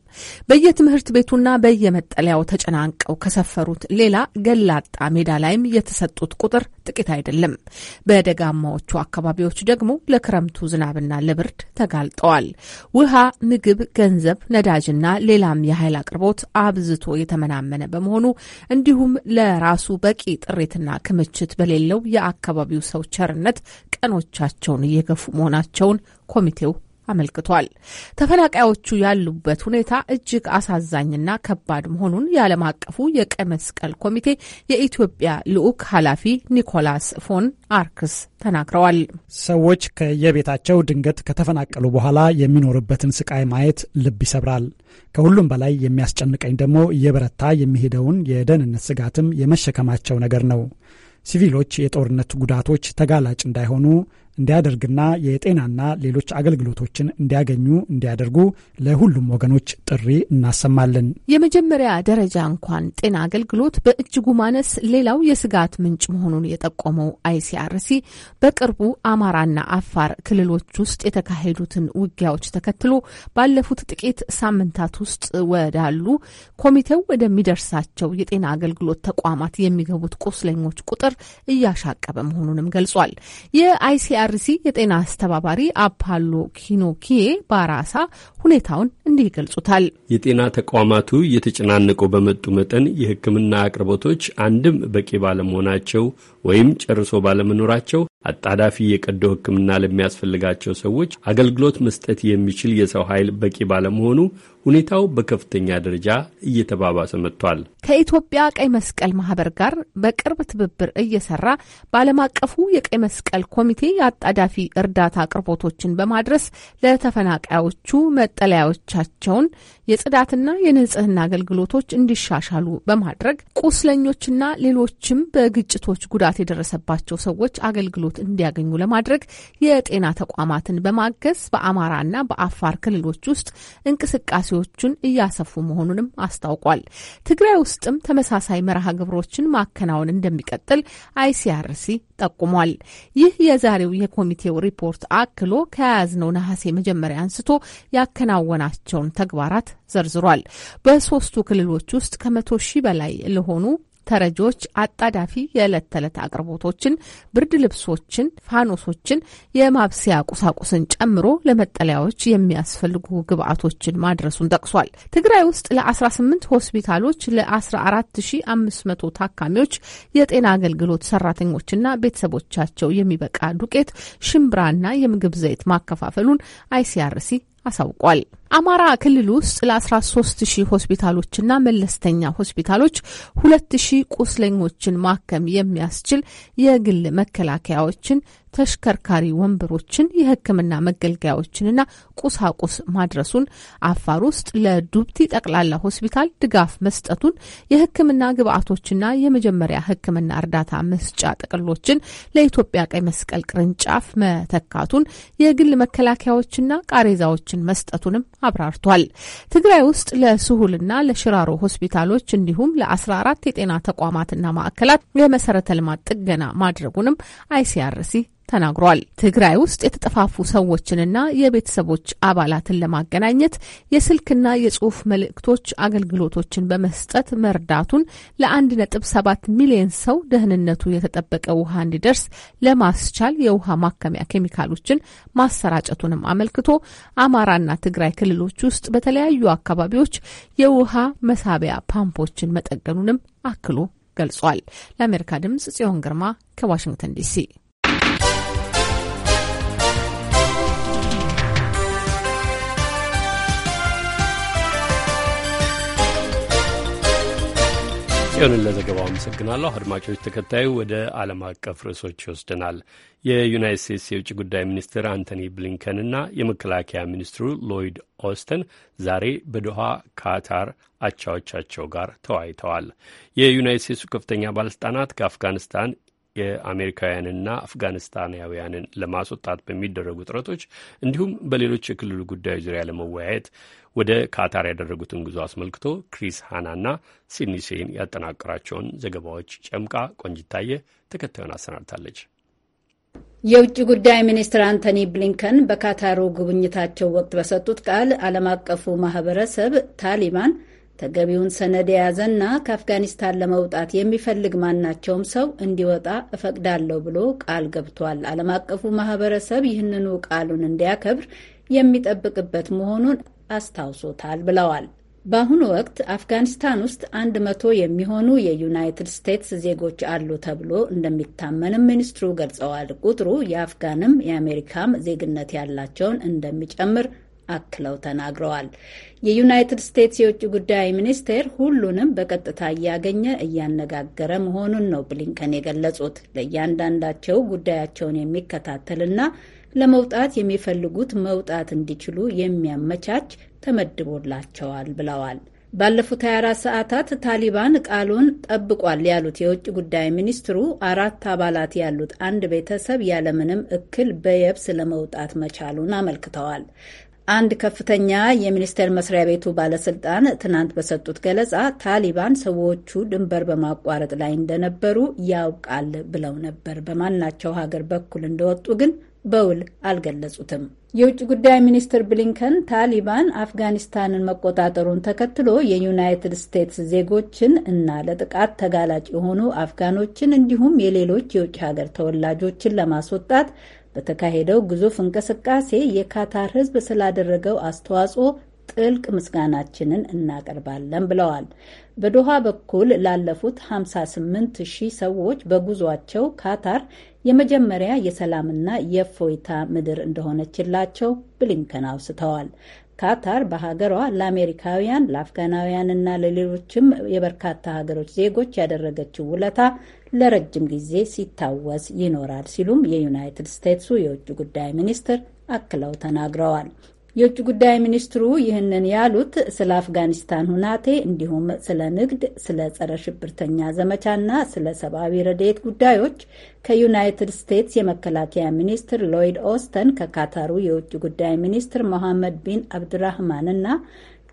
በየትምህርት ቤቱና በየመጠለያው ተጨናንቀው ከሰፈሩት ሌላ ገላጣ ሜዳ ላይም የተሰጡት ቁጥር ጥቂት አይደለም። በደጋማዎቹ አካባቢዎች ደግሞ ለክረምቱ ዝናብና ለብርድ ተጋልጠዋል። ውሃ፣ ምግብ፣ ገንዘብ፣ ነዳጅና ሌላም የኃይል አቅርቦት አብዝቶ የተመናመነ በመሆኑ እንዲሁም ለራሱ በቂ ጥሪትና ክምችት በሌለው የአካባቢው ሰው ቸርነት ቀኖቻቸውን እየገፉ መሆናቸውን ኮሚቴው አመልክቷል። ተፈናቃዮቹ ያሉበት ሁኔታ እጅግ አሳዛኝና ከባድ መሆኑን የዓለም አቀፉ የቀይ መስቀል ኮሚቴ የኢትዮጵያ ልዑክ ኃላፊ ኒኮላስ ፎን አርክስ ተናግረዋል። ሰዎች ከየቤታቸው ድንገት ከተፈናቀሉ በኋላ የሚኖርበትን ስቃይ ማየት ልብ ይሰብራል። ከሁሉም በላይ የሚያስጨንቀኝ ደግሞ እየበረታ የሚሄደውን የደህንነት ስጋትም የመሸከማቸው ነገር ነው። ሲቪሎች የጦርነት ጉዳቶች ተጋላጭ እንዳይሆኑ እንዲያደርግና የጤናና ሌሎች አገልግሎቶችን እንዲያገኙ እንዲያደርጉ ለሁሉም ወገኖች ጥሪ እናሰማለን። የመጀመሪያ ደረጃ እንኳን ጤና አገልግሎት በእጅጉ ማነስ ሌላው የስጋት ምንጭ መሆኑን የጠቆመው አይሲአርሲ በቅርቡ አማራና አፋር ክልሎች ውስጥ የተካሄዱትን ውጊያዎች ተከትሎ ባለፉት ጥቂት ሳምንታት ውስጥ ወዳሉ ኮሚቴው ወደሚደርሳቸው የጤና አገልግሎት ተቋማት የሚገቡት ቁስለኞች ቁጥር እያሻቀበ መሆኑንም ገልጿል። የአይሲአር የአርሲ የጤና አስተባባሪ አፓሎ ኪኖኪዬ ባራሳ ሁኔታውን እንዲህ ይገልጹታል። የጤና ተቋማቱ እየተጨናነቁ በመጡ መጠን የሕክምና አቅርቦቶች አንድም በቂ ባለመሆናቸው ወይም ጨርሶ ባለመኖራቸው አጣዳፊ የቀዶ ሕክምና ለሚያስፈልጋቸው ሰዎች አገልግሎት መስጠት የሚችል የሰው ኃይል በቂ ባለመሆኑ ሁኔታው በከፍተኛ ደረጃ እየተባባሰ መጥቷል። ከኢትዮጵያ ቀይ መስቀል ማህበር ጋር በቅርብ ትብብር እየሰራ በዓለም አቀፉ የቀይ መስቀል ኮሚቴ የአጣዳፊ እርዳታ አቅርቦቶችን በማድረስ ለተፈናቃዮቹ መ መጠለያዎቻቸውን የጽዳትና የንጽህና አገልግሎቶች እንዲሻሻሉ በማድረግ ቁስለኞችና ሌሎችም በግጭቶች ጉዳት የደረሰባቸው ሰዎች አገልግሎት እንዲያገኙ ለማድረግ የጤና ተቋማትን በማገዝ በአማራና በአፋር ክልሎች ውስጥ እንቅስቃሴዎቹን እያሰፉ መሆኑንም አስታውቋል። ትግራይ ውስጥም ተመሳሳይ መርሃ ግብሮችን ማከናወን እንደሚቀጥል አይሲአርሲ ጠቁሟል። ይህ የዛሬው የኮሚቴው ሪፖርት አክሎ ከያዝነው ነሐሴ መጀመሪያ አንስቶ ያከናወናቸውን ተግባራት ዘርዝሯል። በሶስቱ ክልሎች ውስጥ ከመቶ ሺህ በላይ ለሆኑ ተረጂዎች አጣዳፊ የዕለት ተዕለት አቅርቦቶችን፣ ብርድ ልብሶችን፣ ፋኖሶችን፣ የማብሰያ ቁሳቁስን ጨምሮ ለመጠለያዎች የሚያስፈልጉ ግብዓቶችን ማድረሱን ጠቅሷል። ትግራይ ውስጥ ለ18 ሆስፒታሎች ለ14500 ታካሚዎች፣ የጤና አገልግሎት ሰራተኞችና ቤተሰቦቻቸው የሚበቃ ዱቄት፣ ሽምብራና የምግብ ዘይት ማከፋፈሉን አይሲአርሲ አሳውቋል። አማራ ክልል ውስጥ ለ13 ሺህ ሆስፒታሎችና መለስተኛ ሆስፒታሎች ሁለት ሺህ ቁስለኞችን ማከም የሚያስችል የግል መከላከያዎችን፣ ተሽከርካሪ ወንበሮችን፣ የሕክምና መገልገያዎችንና ቁሳቁስ ማድረሱን፣ አፋር ውስጥ ለዱብቲ ጠቅላላ ሆስፒታል ድጋፍ መስጠቱን፣ የሕክምና ግብዓቶችና የመጀመሪያ ሕክምና እርዳታ መስጫ ጥቅሎችን ለኢትዮጵያ ቀይ መስቀል ቅርንጫፍ መተካቱን፣ የግል መከላከያዎችና ቃሬዛዎችን መስጠቱንም አብራርቷል። ትግራይ ውስጥ ለስሁልና ለሽራሮ ሆስፒታሎች እንዲሁም ለ14 የጤና ተቋማትና ማዕከላት የመሰረተ ልማት ጥገና ማድረጉንም አይሲአርሲ ተናግሯል። ትግራይ ውስጥ የተጠፋፉ ሰዎችንና የቤተሰቦች አባላትን ለማገናኘት የስልክና የጽሁፍ መልእክቶች አገልግሎቶችን በመስጠት መርዳቱን ለአንድ ነጥብ ሰባት ሚሊዮን ሰው ደህንነቱ የተጠበቀ ውሃ እንዲደርስ ለማስቻል የውሃ ማከሚያ ኬሚካሎችን ማሰራጨቱንም አመልክቶ አማራና ትግራይ ክልሎች ውስጥ በተለያዩ አካባቢዎች የውሃ መሳቢያ ፓምፖችን መጠገኑንም አክሎ ገልጿል። ለአሜሪካ ድምጽ ጽዮን ግርማ ከዋሽንግተን ዲሲ ጽዮንን ለዘገባው አመሰግናለሁ። አድማጮች፣ ተከታዩ ወደ ዓለም አቀፍ ርዕሶች ይወስደናል። የዩናይት ስቴትስ የውጭ ጉዳይ ሚኒስትር አንቶኒ ብሊንከንና የመከላከያ ሚኒስትሩ ሎይድ ኦስተን ዛሬ በዶሃ ካታር አቻዎቻቸው ጋር ተወያይተዋል። የዩናይት ስቴትሱ ከፍተኛ ባለስልጣናት ከአፍጋኒስታን የአሜሪካውያንና አፍጋኒስታናውያንን ለማስወጣት በሚደረጉ ጥረቶች እንዲሁም በሌሎች የክልሉ ጉዳዮች ዙሪያ ለመወያየት ወደ ካታር ያደረጉትን ጉዞ አስመልክቶ ክሪስ ሃናና ሲድኒ ሴን ያጠናቀራቸውን ዘገባዎች ጨምቃ ቆንጅታየ ተከታዩን አሰናድታለች። የውጭ ጉዳይ ሚኒስትር አንቶኒ ብሊንከን በካታሩ ጉብኝታቸው ወቅት በሰጡት ቃል ዓለም አቀፉ ማህበረሰብ ታሊባን ተገቢውን ሰነድ የያዘና ከአፍጋኒስታን ለመውጣት የሚፈልግ ማናቸውም ሰው እንዲወጣ እፈቅዳለሁ ብሎ ቃል ገብቷል። ዓለም አቀፉ ማህበረሰብ ይህንኑ ቃሉን እንዲያከብር የሚጠብቅበት መሆኑን አስታውሶታል ብለዋል። በአሁኑ ወቅት አፍጋኒስታን ውስጥ አንድ መቶ የሚሆኑ የዩናይትድ ስቴትስ ዜጎች አሉ ተብሎ እንደሚታመንም ሚኒስትሩ ገልጸዋል። ቁጥሩ የአፍጋንም የአሜሪካም ዜግነት ያላቸውን እንደሚጨምር አክለው ተናግረዋል። የዩናይትድ ስቴትስ የውጭ ጉዳይ ሚኒስቴር ሁሉንም በቀጥታ እያገኘ እያነጋገረ መሆኑን ነው ብሊንከን የገለጹት። ለእያንዳንዳቸው ጉዳያቸውን የሚከታተልና ለመውጣት የሚፈልጉት መውጣት እንዲችሉ የሚያመቻች ተመድቦላቸዋል ብለዋል። ባለፉት 24 ሰዓታት ታሊባን ቃሉን ጠብቋል ያሉት የውጭ ጉዳይ ሚኒስትሩ አራት አባላት ያሉት አንድ ቤተሰብ ያለምንም እክል በየብስ ለመውጣት መቻሉን አመልክተዋል። አንድ ከፍተኛ የሚኒስቴር መስሪያ ቤቱ ባለስልጣን ትናንት በሰጡት ገለጻ ታሊባን ሰዎቹ ድንበር በማቋረጥ ላይ እንደነበሩ ያውቃል ብለው ነበር። በማናቸው ሀገር በኩል እንደወጡ ግን በውል አልገለጹትም። የውጭ ጉዳይ ሚኒስትር ብሊንከን ታሊባን አፍጋኒስታንን መቆጣጠሩን ተከትሎ የዩናይትድ ስቴትስ ዜጎችን እና ለጥቃት ተጋላጭ የሆኑ አፍጋኖችን እንዲሁም የሌሎች የውጭ ሀገር ተወላጆችን ለማስወጣት በተካሄደው ግዙፍ እንቅስቃሴ የካታር ሕዝብ ስላደረገው አስተዋጽኦ ጥልቅ ምስጋናችንን እናቀርባለን ብለዋል። በዶሃ በኩል ላለፉት 58 ሺህ ሰዎች በጉዟቸው ካታር የመጀመሪያ የሰላምና የእፎይታ ምድር እንደሆነችላቸው ብሊንከን አውስተዋል። ካታር በሀገሯ ለአሜሪካውያን ለአፍጋናውያንና ለሌሎችም የበርካታ ሀገሮች ዜጎች ያደረገችው ውለታ ለረጅም ጊዜ ሲታወስ ይኖራል ሲሉም የዩናይትድ ስቴትሱ የውጭ ጉዳይ ሚኒስትር አክለው ተናግረዋል። የውጭ ጉዳይ ሚኒስትሩ ይህንን ያሉት ስለ አፍጋኒስታን ሁናቴ እንዲሁም ስለ ንግድ፣ ስለ ጸረ ሽብርተኛ ዘመቻና ስለ ሰብአዊ ረድኤት ጉዳዮች ከዩናይትድ ስቴትስ የመከላከያ ሚኒስትር ሎይድ ኦስተን ከካታሩ የውጭ ጉዳይ ሚኒስትር ሞሐመድ ቢን አብድራህማን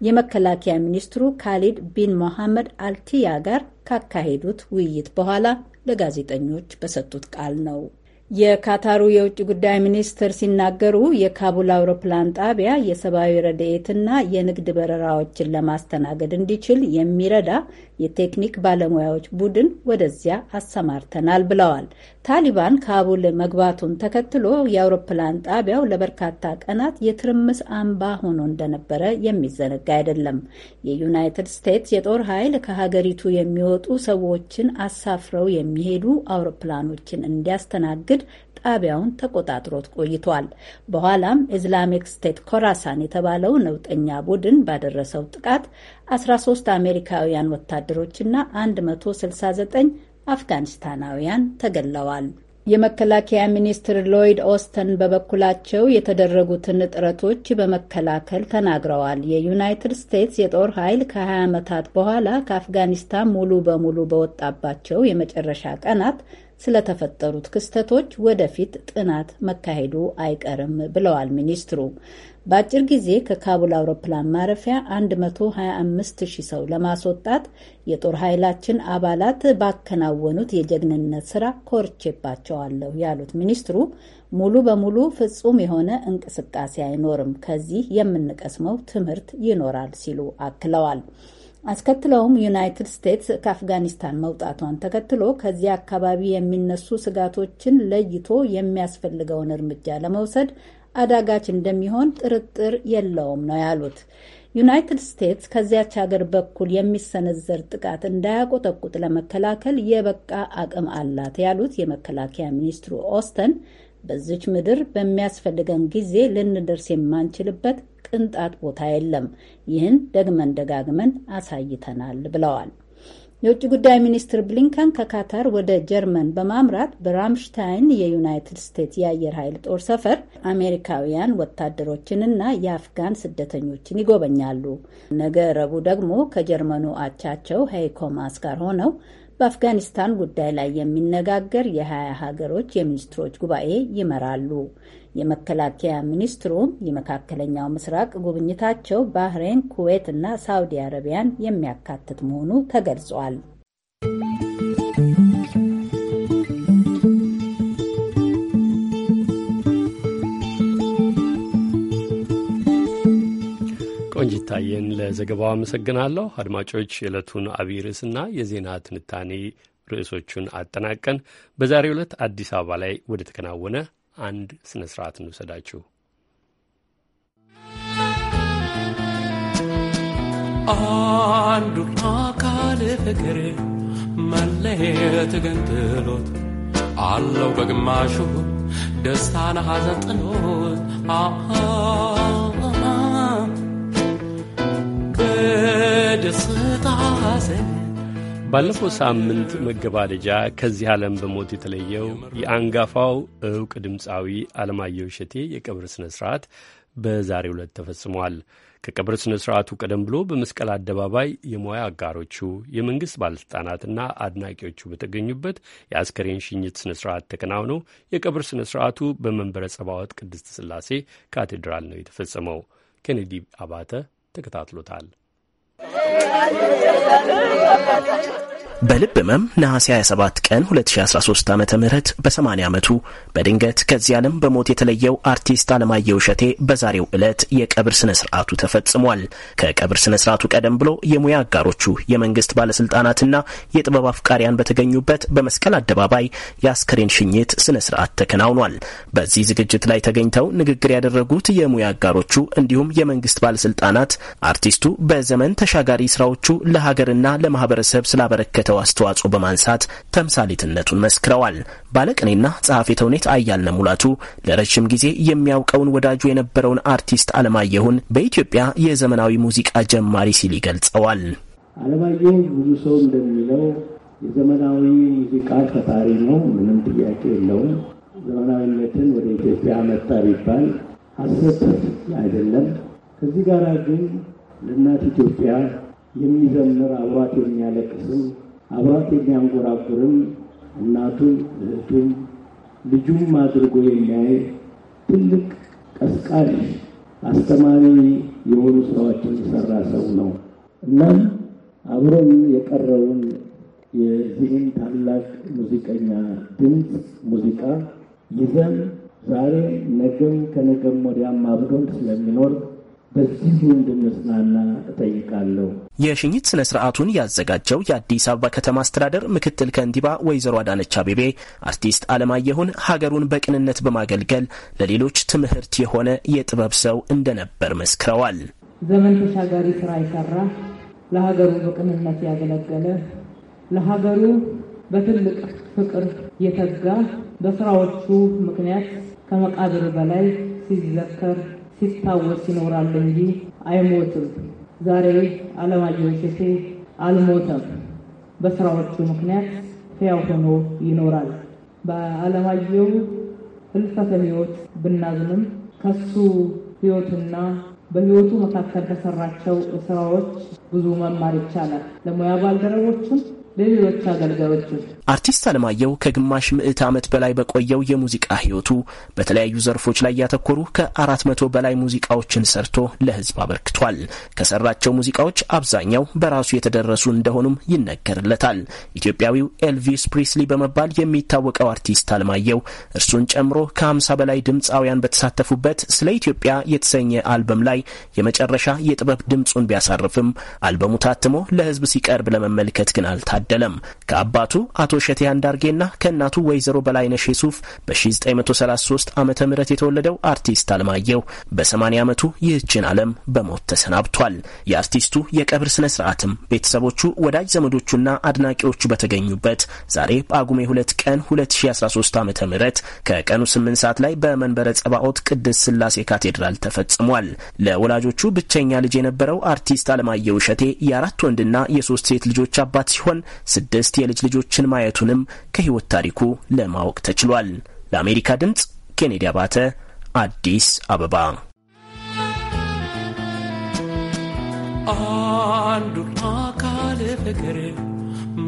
የመከላከያ ሚኒስትሩ ካሊድ ቢን ሞሐመድ አልቲያ ጋር ካካሄዱት ውይይት በኋላ ለጋዜጠኞች በሰጡት ቃል ነው። የካታሩ የውጭ ጉዳይ ሚኒስትር ሲናገሩ የካቡል አውሮፕላን ጣቢያ የሰብአዊ ረድኤትና የንግድ በረራዎችን ለማስተናገድ እንዲችል የሚረዳ የቴክኒክ ባለሙያዎች ቡድን ወደዚያ አሰማርተናል ብለዋል። ታሊባን ካቡል መግባቱን ተከትሎ የአውሮፕላን ጣቢያው ለበርካታ ቀናት የትርምስ አምባ ሆኖ እንደነበረ የሚዘነጋ አይደለም። የዩናይትድ ስቴትስ የጦር ኃይል ከሀገሪቱ የሚወጡ ሰዎችን አሳፍረው የሚሄዱ አውሮፕላኖችን እንዲያስተናግድ ጣቢያውን ተቆጣጥሮት ቆይቷል። በኋላም ኢስላሚክ ስቴት ኮራሳን የተባለው ነውጠኛ ቡድን ባደረሰው ጥቃት 13 አሜሪካውያን ወታደሮችና 169 አፍጋኒስታናውያን ተገለዋል። የመከላከያ ሚኒስትር ሎይድ ኦስተን በበኩላቸው የተደረጉትን ጥረቶች በመከላከል ተናግረዋል። የዩናይትድ ስቴትስ የጦር ኃይል ከ20 ዓመታት በኋላ ከአፍጋኒስታን ሙሉ በሙሉ በወጣባቸው የመጨረሻ ቀናት ስለተፈጠሩት ክስተቶች ወደፊት ጥናት መካሄዱ አይቀርም ብለዋል ሚኒስትሩ። በአጭር ጊዜ ከካቡል አውሮፕላን ማረፊያ 125 ሺህ ሰው ለማስወጣት የጦር ኃይላችን አባላት ባከናወኑት የጀግንነት ስራ ኮርቼባቸዋለሁ ያሉት ሚኒስትሩ ሙሉ በሙሉ ፍጹም የሆነ እንቅስቃሴ አይኖርም፣ ከዚህ የምንቀስመው ትምህርት ይኖራል ሲሉ አክለዋል። አስከትለውም ዩናይትድ ስቴትስ ከአፍጋኒስታን መውጣቷን ተከትሎ ከዚያ አካባቢ የሚነሱ ስጋቶችን ለይቶ የሚያስፈልገውን እርምጃ ለመውሰድ አዳጋች እንደሚሆን ጥርጥር የለውም ነው ያሉት። ዩናይትድ ስቴትስ ከዚያች ሀገር በኩል የሚሰነዘር ጥቃት እንዳያቆጠቁጥ ለመከላከል የበቃ አቅም አላት ያሉት የመከላከያ ሚኒስትሩ ኦስተን በዚች ምድር በሚያስፈልገን ጊዜ ልንደርስ የማንችልበት ቅንጣት ቦታ የለም። ይህን ደግመን ደጋግመን አሳይተናል ብለዋል። የውጭ ጉዳይ ሚኒስትር ብሊንከን ከካታር ወደ ጀርመን በማምራት በራምሽታይን የዩናይትድ ስቴትስ የአየር ኃይል ጦር ሰፈር አሜሪካውያን ወታደሮችንና የአፍጋን ስደተኞችን ይጎበኛሉ። ነገ ረቡዕ ደግሞ ከጀርመኑ አቻቸው ሄይኮ ማስ ጋር ሆነው በአፍጋኒስታን ጉዳይ ላይ የሚነጋገር የሀያ ሀገሮች የሚኒስትሮች ጉባኤ ይመራሉ። የመከላከያ ሚኒስትሩም የመካከለኛው ምስራቅ ጉብኝታቸው ባህሬን፣ ኩዌት እና ሳውዲ አረቢያን የሚያካትት መሆኑ ተገልጿል። ቆንጅታየን ለዘገባው አመሰግናለሁ። አድማጮች የዕለቱን አብይ ርዕስና የዜና ትንታኔ ርዕሶቹን አጠናቀን በዛሬው ዕለት አዲስ አበባ ላይ ወደ ተከናወነ አንድ ስነ ስርዓት እንውሰዳችሁ። አንዱን አካል ፍቅር መለየት ገንትሎት አለው በግማሹ ደስታን ሐዘን ጥሎት በደስታ ሐዘን ባለፈው ሳምንት መገባደጃ ከዚህ ዓለም በሞት የተለየው የአንጋፋው ዕውቅ ድምፃዊ አለማየሁ እሸቴ የቀብር ሥነ ሥርዓት በዛሬ ዕለት ተፈጽሟል። ከቀብር ሥነ ሥርዓቱ ቀደም ብሎ በመስቀል አደባባይ የሙያ አጋሮቹ፣ የመንግሥት ባለሥልጣናትና አድናቂዎቹ በተገኙበት የአስከሬን ሽኝት ሥነ ሥርዓት ተከናውኖ የቀብር ሥነ ሥርዓቱ በመንበረ ጸባወት ቅድስት ሥላሴ ካቴድራል ነው የተፈጸመው። ኬኔዲ አባተ ተከታትሎታል። adiós ay, በልብ ህመም ነሐሴ 27 ቀን 2013 ዓ ም በ80 ዓመቱ በድንገት ከዚህ ዓለም በሞት የተለየው አርቲስት አለማየሁ እሸቴ በዛሬው ዕለት የቀብር ስነ ስርዓቱ ተፈጽሟል። ከቀብር ስነ ስርዓቱ ቀደም ብሎ የሙያ አጋሮቹ የመንግስት ባለስልጣናትና የጥበብ አፍቃሪያን በተገኙበት በመስቀል አደባባይ የአስክሬን ሽኝት ስነ ስርዓት ተከናውኗል። በዚህ ዝግጅት ላይ ተገኝተው ንግግር ያደረጉት የሙያ አጋሮቹ እንዲሁም የመንግስት ባለስልጣናት አርቲስቱ በዘመን ተሻጋሪ ስራዎቹ ለሀገርና ለማህበረሰብ ስላበረከ አበረከተው አስተዋጽኦ በማንሳት ተምሳሌትነቱን መስክረዋል። ባለቅኔና ጸሐፊ ተውኔት አያልነ ሙላቱ ለረጅም ጊዜ የሚያውቀውን ወዳጁ የነበረውን አርቲስት አለማየሁን በኢትዮጵያ የዘመናዊ ሙዚቃ ጀማሪ ሲል ይገልጸዋል። አለማየሁ ብዙ ሰው እንደሚለው የዘመናዊ ሙዚቃ ፈጣሪ ነው። ምንም ጥያቄ የለውም። ዘመናዊነትን ወደ ኢትዮጵያ መጣ ቢባል ሐሰት አይደለም። ከዚህ ጋር ግን ለእናት ኢትዮጵያ የሚዘምር አብሯት የሚያለቅስም አብሯት የሚያንጎራጉርም እናቱም እህቱም ልጁም አድርጎ የሚያይ ትልቅ ቀስቃሽ አስተማሪ የሆኑ ስራዎችን የሰራ ሰው ነው። እናም አብሮን የቀረውን የዚህን ታላቅ ሙዚቀኛ ድምፅ ሙዚቃ ይዘን ዛሬ ነገም ከነገም ወዲያም አብሮን ስለሚኖር በዚሁ እንድንጽናና እጠይቃለሁ። የሽኝት ስነ ስርዓቱን ያዘጋጀው የአዲስ አበባ ከተማ አስተዳደር ምክትል ከንቲባ ወይዘሮ አዳነች አቤቤ አርቲስት አለማየሁን ሀገሩን በቅንነት በማገልገል ለሌሎች ትምህርት የሆነ የጥበብ ሰው እንደነበር መስክረዋል። ዘመን ተሻጋሪ ስራ የሰራ ለሀገሩ በቅንነት ያገለገለ ለሀገሩ በትልቅ ፍቅር የተጋ በስራዎቹ ምክንያት ከመቃብር በላይ ሲዘከር ሲታወስ ይኖራል እንጂ አይሞትም። ዛሬ አለማየሁ እሸቴ አልሞተም፣ በስራዎቹ ምክንያት ሕያው ሆኖ ይኖራል። በአለማየሁ ህልፈተ ሕይወት ብናዝንም ከሱ ሕይወትና በሕይወቱ መካከል ከሰራቸው ስራዎች ብዙ መማር ይቻላል። ለሙያ ባልደረቦችም ለሌሎች አገልጋዮችም አርቲስት አለማየሁ ከግማሽ ምዕት ዓመት በላይ በቆየው የሙዚቃ ሕይወቱ በተለያዩ ዘርፎች ላይ ያተኮሩ ከአራት መቶ በላይ ሙዚቃዎችን ሰርቶ ለሕዝብ አበርክቷል። ከሰራቸው ሙዚቃዎች አብዛኛው በራሱ የተደረሱ እንደሆኑም ይነገርለታል። ኢትዮጵያዊው ኤልቪስ ፕሪስሊ በመባል የሚታወቀው አርቲስት አለማየሁ እርሱን ጨምሮ ከ በላይ ድምፃውያን በተሳተፉበት ስለ ኢትዮጵያ የተሰኘ አልበም ላይ የመጨረሻ የጥበብ ድምፁን ቢያሳርፍም አልበሙ ታትሞ ለሕዝብ ሲቀርብ ለመመልከት ግን አልታደለም። ከአባቱ አቶ አቶ ሸቴ አንዳርጌና ከእናቱ ወይዘሮ በላይነሽ ሱፍ በ1933 ዓ ም የተወለደው አርቲስት አለማየሁ በ80 ዓመቱ ይህችን ዓለም በሞት ተሰናብቷል። የአርቲስቱ የቀብር ስነ ስርዓትም ቤተሰቦቹ፣ ወዳጅ ዘመዶቹና አድናቂዎቹ በተገኙበት ዛሬ ጳጉሜ 2 ቀን 2013 ዓ ም ከቀኑ 8 ሰዓት ላይ በመንበረ ጸባኦት ቅድስት ስላሴ ካቴድራል ተፈጽሟል። ለወላጆቹ ብቸኛ ልጅ የነበረው አርቲስት አለማየሁ እሸቴ የአራት ወንድና የሶስት ሴት ልጆች አባት ሲሆን ስድስት የልጅ ልጆችን ማየ ማየቱንም ከህይወት ታሪኩ ለማወቅ ተችሏል። ለአሜሪካ ድምፅ ኬኔዲ አባተ አዲስ አበባ። አንዱ አካል ፍቅር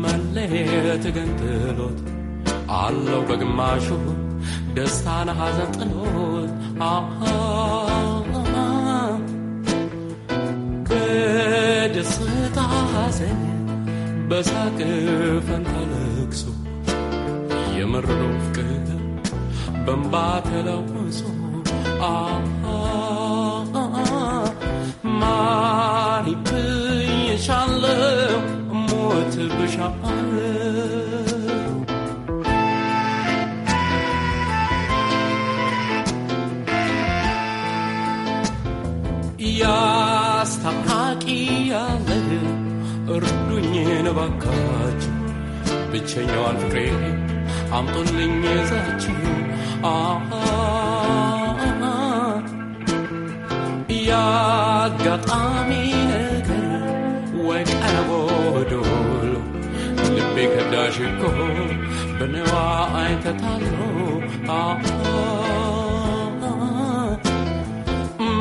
መለየት ገንጥሎት አለው በግማሹ ደስታን ሐዘን ጥሎት በደስታ ሐዘን በሳቅ ፈንታለ የምርዶ ፍቅር በእንባ ተለውሶ ማሪ ብዬሻለው ሞት ብሻለው ያስታራቂ ያለ እርዱኝ እባካችሁ ብቸኛዋን ፍቅሬ አምጡልኝ ይዛችሁ ያጋጣሚ ነገር ወቀቦ ዶሎ ልቤ ከዳሽ እኮ በነዋ አይተታሎ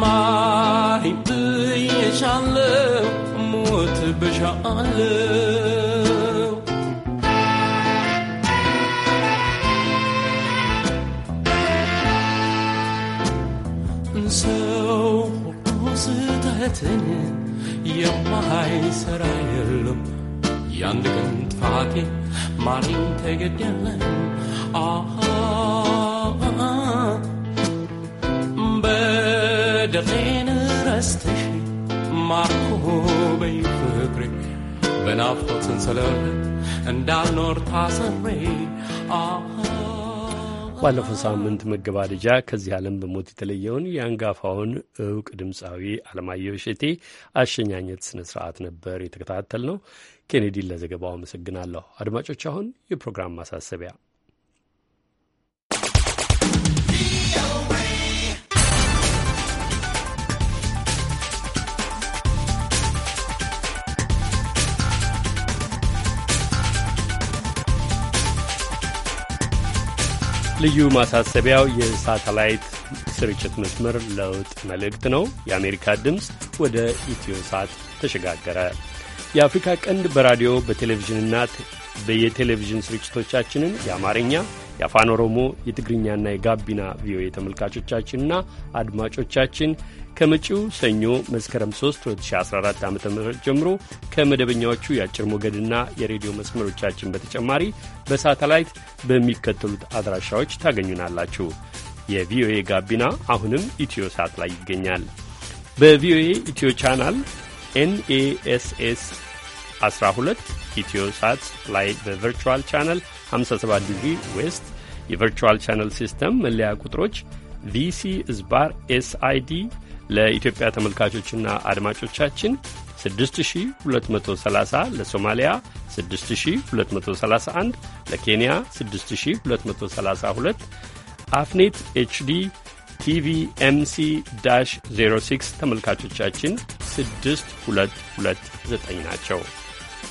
ማሪ ብዬሻለው ሞት ብሻአለው እውነትን የማይሰራ የለም። ያንድ ቀን ጥፋቴ ማሪም ተገደለም። በደሌን ረስተሽ ማርኮ በይ ፍቅሬ በናፍቆት ሰንሰለት እንዳልኖር ታስሬ ባለፈው ሳምንት መገባደጃ ከዚህ ዓለም በሞት የተለየውን የአንጋፋውን እውቅ ድምፃዊ አለማየሁ እሸቴ አሸኛኘት ስነ ስርዓት ነበር የተከታተል ነው። ኬኔዲን ለዘገባው አመሰግናለሁ። አድማጮች፣ አሁን የፕሮግራም ማሳሰቢያ ልዩ ማሳሰቢያው የሳተላይት ስርጭት መስመር ለውጥ መልእክት ነው። የአሜሪካ ድምፅ ወደ ኢትዮሳት ተሸጋገረ። የአፍሪካ ቀንድ በራዲዮ በቴሌቪዥንና በየቴሌቪዥን ስርጭቶቻችንን የአማርኛ፣ የአፋን ኦሮሞ፣ የትግርኛና የጋቢና ቪኦኤ ተመልካቾቻችንና አድማጮቻችን ከመጪው ሰኞ መስከረም 3 2014 ዓ ም ጀምሮ ከመደበኛዎቹ የአጭር ሞገድና የሬዲዮ መስመሮቻችን በተጨማሪ በሳተላይት በሚከተሉት አድራሻዎች ታገኙናላችሁ። የቪኦኤ ጋቢና አሁንም ኢትዮ ሳት ላይ ይገኛል። በቪኦኤ ኢትዮ ቻናል ኤንኤስኤስ 12 ኢትዮ ሳት ላይ በቨርቹዋል ቻናል 57 ዲግሪ ዌስት የቨርቹዋል ቻናል ሲስተም መለያ ቁጥሮች ቪሲ ዝባር ኤስአይዲ ለኢትዮጵያ ተመልካቾችና አድማጮቻችን 6230 ለሶማሊያ 6231 ለኬንያ 6232 አፍኔት ኤችዲ ቲቪ ኤምሲ 06 ተመልካቾቻችን 6229 ናቸው።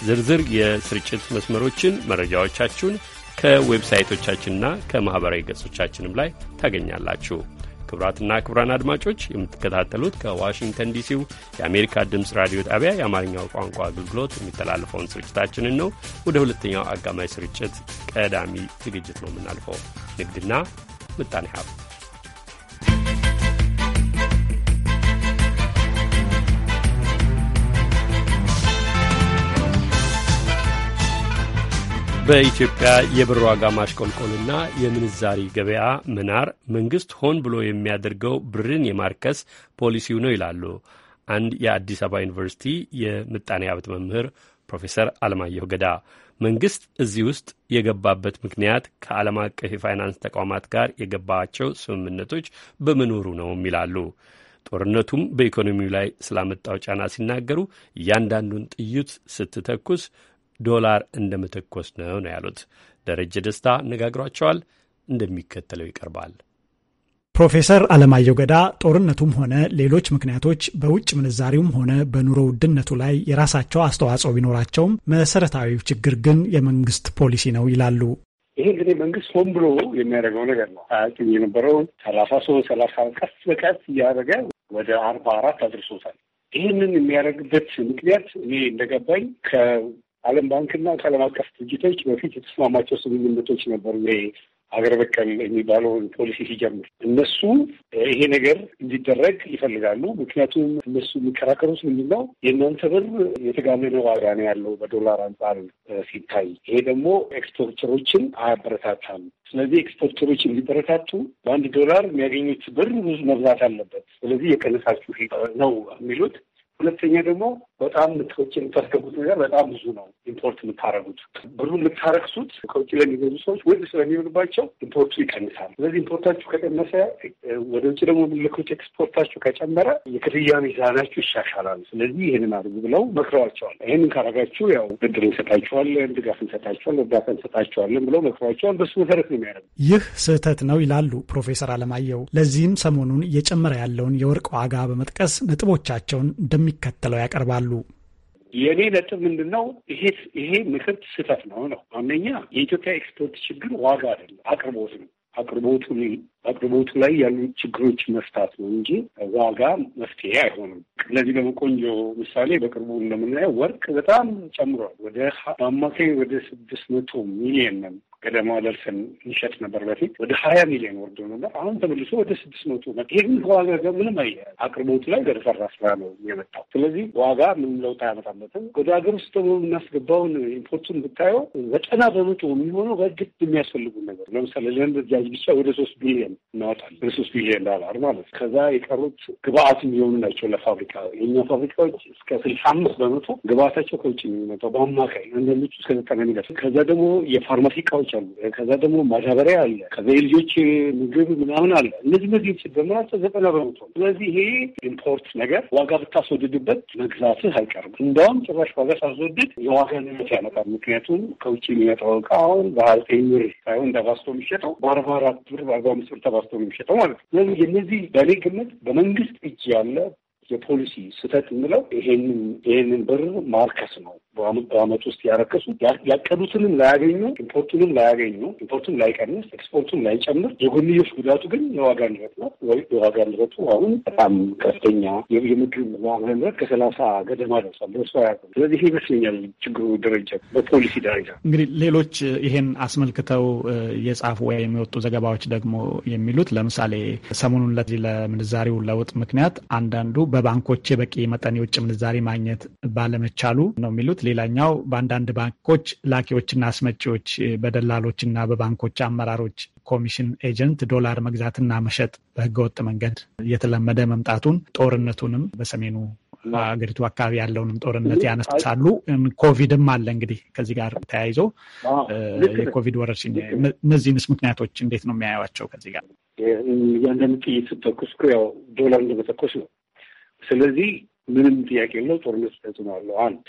ዝርዝር የስርጭት መስመሮችን መረጃዎቻችሁን ከዌብሳይቶቻችንና ከማኅበራዊ ገጾቻችንም ላይ ታገኛላችሁ። ክቡራትና ክቡራን አድማጮች የምትከታተሉት ከዋሽንግተን ዲሲው የአሜሪካ ድምፅ ራዲዮ ጣቢያ የአማርኛው ቋንቋ አገልግሎት የሚተላለፈውን ስርጭታችንን ነው። ወደ ሁለተኛው አጋማሽ ስርጭት ቀዳሚ ዝግጅት ነው የምናልፈው፣ ንግድና ምጣኔ ሀብት በኢትዮጵያ የብር ዋጋ ማሽቆልቆልና የምንዛሪ ገበያ መናር መንግስት ሆን ብሎ የሚያደርገው ብርን የማርከስ ፖሊሲው ነው ይላሉ አንድ የአዲስ አበባ ዩኒቨርሲቲ የምጣኔ ሀብት መምህር ፕሮፌሰር አለማየሁ ገዳ። መንግስት እዚህ ውስጥ የገባበት ምክንያት ከዓለም አቀፍ የፋይናንስ ተቋማት ጋር የገባቸው ስምምነቶች በመኖሩ ነውም ይላሉ። ጦርነቱም በኢኮኖሚው ላይ ስላመጣው ጫና ሲናገሩ እያንዳንዱን ጥይት ስትተኩስ ዶላር እንደ መተኮስ ነው ነው ያሉት። ደረጀ ደስታ አነጋግሯቸዋል፣ እንደሚከተለው ይቀርባል። ፕሮፌሰር አለማየሁ ገዳ ጦርነቱም ሆነ ሌሎች ምክንያቶች በውጭ ምንዛሪውም ሆነ በኑሮ ውድነቱ ላይ የራሳቸው አስተዋጽኦ ቢኖራቸውም መሰረታዊው ችግር ግን የመንግስት ፖሊሲ ነው ይላሉ። ይሄ እንግዲህ መንግስት ሆን ብሎ የሚያደርገው ነገር ነው። አያውቅም የነበረውን ሰላሳ ሶስት ሰላሳ ቀስ በቀስ እያደረገ ወደ አርባ አራት አድርሶታል። ይህንን የሚያደርግበት ምክንያት እኔ እንደገባኝ ዓለም ባንክና ከዓለም አቀፍ ድርጅቶች በፊት የተስማማቸው ስምምነቶች ነበሩ። ይሄ ሀገር በቀል የሚባለውን ፖሊሲ ሲጀምር እነሱ ይሄ ነገር እንዲደረግ ይፈልጋሉ። ምክንያቱም እነሱ የሚከራከሩት ምንድን ነው? የእናንተ ብር የተጋነነ ዋጋ ነው ያለው በዶላር አንጻር ሲታይ፣ ይሄ ደግሞ ኤክስፖርተሮችን አያበረታታም። ስለዚህ ኤክስፖርተሮች እንዲበረታቱ በአንድ ዶላር የሚያገኙት ብር ብዙ መብዛት አለበት። ስለዚህ የቀነሳችሁ ነው የሚሉት ሁለተኛ ደግሞ በጣም ከውጭ የምታስገቡት ነገር በጣም ብዙ ነው። ኢምፖርት የምታረጉት ብሩ የምታረክሱት ከውጭ ለሚገዙ ሰዎች ውድ ስለሚሆንባቸው ኢምፖርቱ ይቀንሳል። ስለዚህ ኢምፖርታችሁ ከቀነሰ፣ ወደ ውጭ ደግሞ የምትልኩት ኤክስፖርታችሁ ከጨመረ የክፍያ ሚዛናችሁ ይሻሻላል። ስለዚህ ይህንን አድርጉ ብለው መክረዋቸዋል። ይህንን ካረጋችሁ ያው ብድር እንሰጣችኋለን፣ ድጋፍ እንሰጣችኋለን፣ እርዳታ እንሰጣችኋለን ብለው መክረዋቸዋል። በሱ መሰረት ነው የሚያደርጉ። ይህ ስህተት ነው ይላሉ ፕሮፌሰር አለማየሁ። ለዚህም ሰሞኑን እየጨመረ ያለውን የወርቅ ዋጋ በመጥቀስ ነጥቦቻቸውን እንደሚከተለው ያቀርባል ይላሉ። የእኔ ነጥብ ምንድን ነው? ይሄ ይሄ ምክር ስህተት ነው ነው አንደኛ የኢትዮጵያ ኤክስፖርት ችግር ዋጋ አይደለም፣ አቅርቦት ነው። አቅርቦቱ አቅርቦቱ ላይ ያሉ ችግሮች መፍታት ነው እንጂ ዋጋ መፍትሄ አይሆንም። ለዚህ ደግሞ ቆንጆ ምሳሌ በቅርቡ እንደምናየው ወርቅ በጣም ጨምሯል። ወደ በአማካይ ወደ ስድስት መቶ ሚሊየን ቀደም ለልሰን እንሸጥ ነበር በፊት ወደ ሀያ ሚሊዮን ወርዶ ነበር። አሁን ተመልሶ ወደ ስድስት መቶ መ ይህም ከዋጋ ጋር ምንም አየ አቅርቦቱ ላይ ወደተሰራ ስራ ነው የመጣው። ስለዚህ ዋጋ ምንም ለውጥ አያመጣበትም። ወደ ሀገር ውስጥ ደግሞ የምናስገባውን ኢምፖርቱን ብታየው ዘጠና በመቶ የሚሆነው በግድ የሚያስፈልጉ ነገር ለምሳሌ ለነዳጅ ብቻ ወደ ሶስት ቢሊዮን እናወጣለን። ወደ ሶስት ቢሊዮን ዳላር ማለት ከዛ የቀሩት ግብአት የሚሆኑ ናቸው ለፋብሪካ የኛ ፋብሪካዎች እስከ ስልሳ አምስት በመቶ ግብአታቸው ከውጭ የሚመጣው በአማካይ አንዳንዶቹ እስከ ዘጠና ሚደርስ ከዛ ደግሞ የፋርማሲ እቃዎች አሉ። ከዛ ደግሞ ማዳበሪያ አለ። ከዛ የልጆች ምግብ ምናምን አለ። እነዚህ ምግብ በምናቸው ዘጠና በመቶ። ስለዚህ ይሄ ኢምፖርት ነገር ዋጋ ብታስወድድበት መግዛትህ አይቀርም። እንደውም ጭራሽ ዋጋ ሳስወድድ የዋጋ ንረት ያመጣል። ምክንያቱም ከውጭ የሚመጣው እቃ አሁን በሀያ ምር ሳይሆን ተባዝቶ የሚሸጠው በአርባ አራት ብር በአርባ አምስት ብር ተባዝቶ የሚሸጠው ማለት ነው። ስለዚህ የነዚህ በእኔ ግምት በመንግስት እጅ ያለ የፖሊሲ ስህተት የምለው ይሄንን ይሄንን ብር ማርከስ ነው። በአመት ውስጥ ያረከሱ ያቀዱትንም ላያገኙ፣ ኢምፖርቱንም ላያገኙ፣ ኢምፖርቱን ላይቀንስ፣ ኤክስፖርቱን ላይጨምር፣ የጎንዮሽ ጉዳቱ ግን የዋጋ ንረት ነው። ወይ የዋጋ ንረቱ አሁን በጣም ከፍተኛ የምግብ ዋጋ ንረት ከሰላሳ ገደማ ደርሷል። ስለዚህ ይሄ ይመስለኛል ችግሩ ደረጃ በፖሊሲ ደረጃ እንግዲህ ሌሎች ይሄን አስመልክተው የጻፉ ወይም የወጡ ዘገባዎች ደግሞ የሚሉት ለምሳሌ ሰሞኑን ለዚህ ለምንዛሪው ለውጥ ምክንያት አንዳንዱ በባንኮች የበቂ መጠን የውጭ ምንዛሪ ማግኘት ባለመቻሉ ነው የሚሉት። ሌላኛው በአንዳንድ ባንኮች ላኪዎችና አስመጪዎች በደላሎችና በባንኮች አመራሮች ኮሚሽን ኤጀንት ዶላር መግዛትና መሸጥ በህገወጥ መንገድ እየተለመደ መምጣቱን ጦርነቱንም በሰሜኑ አገሪቱ አካባቢ ያለውንም ጦርነት ያነሳሉ። ኮቪድም አለ እንግዲህ ከዚህ ጋር ተያይዞ የኮቪድ ወረርሽኝ እነዚህንስ ምክንያቶች እንዴት ነው የሚያዩዋቸው? ከዚህ ጋር ያንን ጥይት ስትተኩስ ያው ዶላር እንደመተኮስ ነው። ስለዚህ ምንም ጥያቄ የለው ጦርነት ተጽዕኖ አለው። አንድ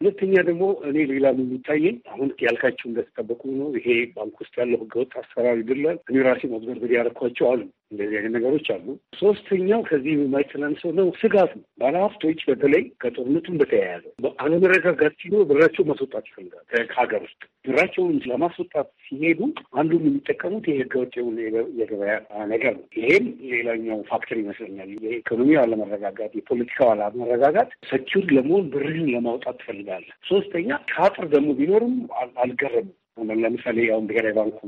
ሁለተኛ ደግሞ እኔ ሌላ የሚታየኝ አሁን ያልካቸው እንደተጠበቁ ነው። ይሄ ባንክ ውስጥ ያለው ህገወጥ አሰራር ይድላል። እኔ ራሴ ኦብዘርቭ ያደረኳቸው አሉ እንደዚህ አይነት ነገሮች አሉ። ሶስተኛው ከዚህ የማይተናንሰው ነው ስጋት ነው። ባለሀብቶች በተለይ ከጦርነቱን በተያያዘ አለመረጋጋት ሲኖር ብራቸው ማስወጣት ይፈልጋል ከሀገር ውስጥ ብራቸውን ለማስወጣት ሲሄዱ አንዱ የሚጠቀሙት የህገወጥ የሆነ የገበያ ነገር ነው። ይሄም ሌላኛው ፋክተር ይመስለኛል። የኢኮኖሚ አለመረጋጋት፣ የፖለቲካው አለመረጋጋት ሰኪውር ለመሆን ብርህን ለማውጣት ትፈልጋለህ። ሶስተኛ ከአጥር ደግሞ ቢኖርም አልገረምም። ለምሳሌ ያሁን ብሔራዊ ባንኩ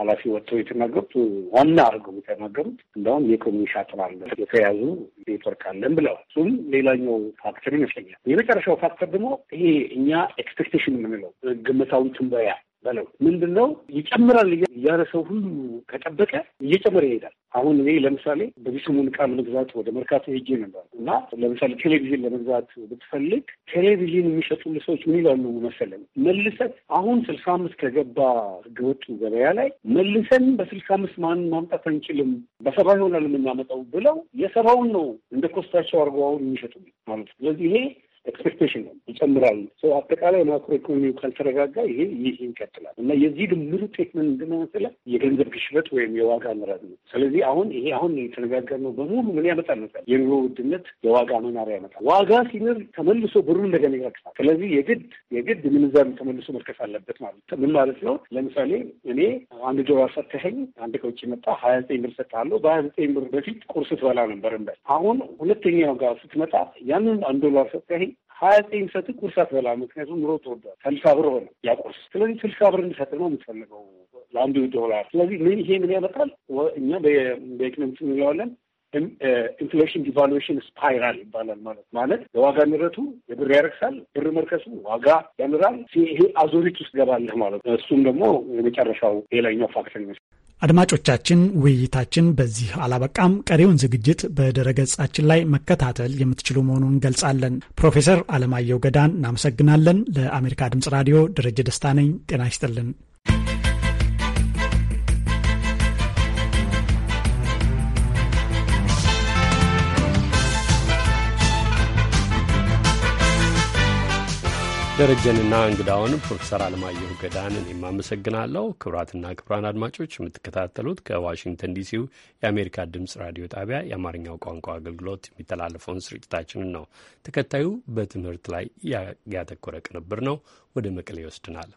ኃላፊ ወጥተው የተናገሩት ዋና አድርገው የተናገሩት እንደውም የኢኮኖሚ ሻጥር የተያዙ ኔትወርክ አለን ብለዋል። እሱም ሌላኛው ፋክተር ይመስለኛል። የመጨረሻው ፋክተር ደግሞ ይሄ እኛ ኤክስፔክቴሽን የምንለው ግምታዊ ትንበያ በለው ምንድን ነው ይጨምራል እያለ ሰው ሁሉ ከጠበቀ እየጨመረ ይሄዳል። አሁን እኔ ለምሳሌ በቢስሙን ዕቃ ለመግዛት ወደ መርካቶ ሄጄ ነበር እና ለምሳሌ ቴሌቪዥን ለመግዛት ብትፈልግ ቴሌቪዥን የሚሸጡልህ ሰዎች ምን ይላሉ መሰለን መልሰን አሁን ስልሳ አምስት ከገባ ህገወጡ ገበያ ላይ መልሰን በስልሳ አምስት ማን ማምጣት አንችልም በሰባ ይሆናል የምናመጣው ብለው የሰባውን ነው እንደ ኮስታቸው አድርገው አሁን የሚሸጡ ማለት ነው። ስለዚህ ይሄ ኤክስፔክቴሽን ይጨምራሉ ይጨምራል። ሰው አጠቃላይ ማክሮ ኢኮኖሚው ካልተረጋጋ ይሄ ይህ ይቀጥላል እና የዚህ ድምሩ ትሪትመንት እንድንመስለ የገንዘብ ግሽበት ወይም የዋጋ ንረት ነው። ስለዚህ አሁን ይሄ አሁን የተረጋጋ ነው በሙሉ ምን ያመጣል መሰለህ? የኑሮ ውድነት የዋጋ መናሪያ ያመጣል። ዋጋ ሲንር ተመልሶ ብሩ እንደገና ይረክሳል። ስለዚህ የግድ የግድ ምንዛሪ ተመልሶ መርከስ አለበት ማለት ምን ማለት ነው? ለምሳሌ እኔ አንድ ዶላር ሰተኸኝ አንድ ከውጭ መጣ ሀያ ዘጠኝ ብር ሰጥሃለሁ በሀያ ዘጠኝ ብር በፊት ቁርስ ትበላ ነበር እንበል። አሁን ሁለተኛው ጋር ስትመጣ ያንን አንድ ዶላር ሰጥተኸኝ ሀያ ዘጠኝ ሰጥ ቁርስ አትበላ። ምክንያቱም ኑሮ ተወዷል። ስልሳ ብር ሆነ ያ ቁርስ። ስለዚህ ስልሳ ብር እንዲሰጥ ነው የምትፈልገው ለአንዱ ዶላር። ስለዚህ ምን ይሄ ምን ያመጣል? እኛ በኢኮኖሚክስ እንለዋለን ኢንፍሌሽን ዲቫሉዌሽን ስፓይራል ይባላል። ማለት ማለት የዋጋ ንረቱ የብር ያረክሳል፣ ብር መርከሱ ዋጋ ያንራል። ይሄ አዙሪት ውስጥ ገባለህ ማለት ነው። እሱም ደግሞ የመጨረሻው ሌላኛው ፋክተር ይመስል አድማጮቻችን፣ ውይይታችን በዚህ አላበቃም። ቀሪውን ዝግጅት በድረገጻችን ላይ መከታተል የምትችሉ መሆኑን እንገልጻለን። ፕሮፌሰር አለማየሁ ገዳን እናመሰግናለን። ለአሜሪካ ድምጽ ራዲዮ ደረጀ ደስታ ነኝ። ጤና ይስጥልን። ደረጀንና እንግዳውን ፕሮፌሰር አለማየሁ ገዳን እኔም አመሰግናለሁ። ክቡራትና ክቡራን አድማጮች የምትከታተሉት ከዋሽንግተን ዲሲው የአሜሪካ ድምፅ ራዲዮ ጣቢያ የአማርኛው ቋንቋ አገልግሎት የሚተላለፈውን ስርጭታችንን ነው። ተከታዩ በትምህርት ላይ ያተኮረ ቅንብር ነው። ወደ መቀሌ ይወስድናል።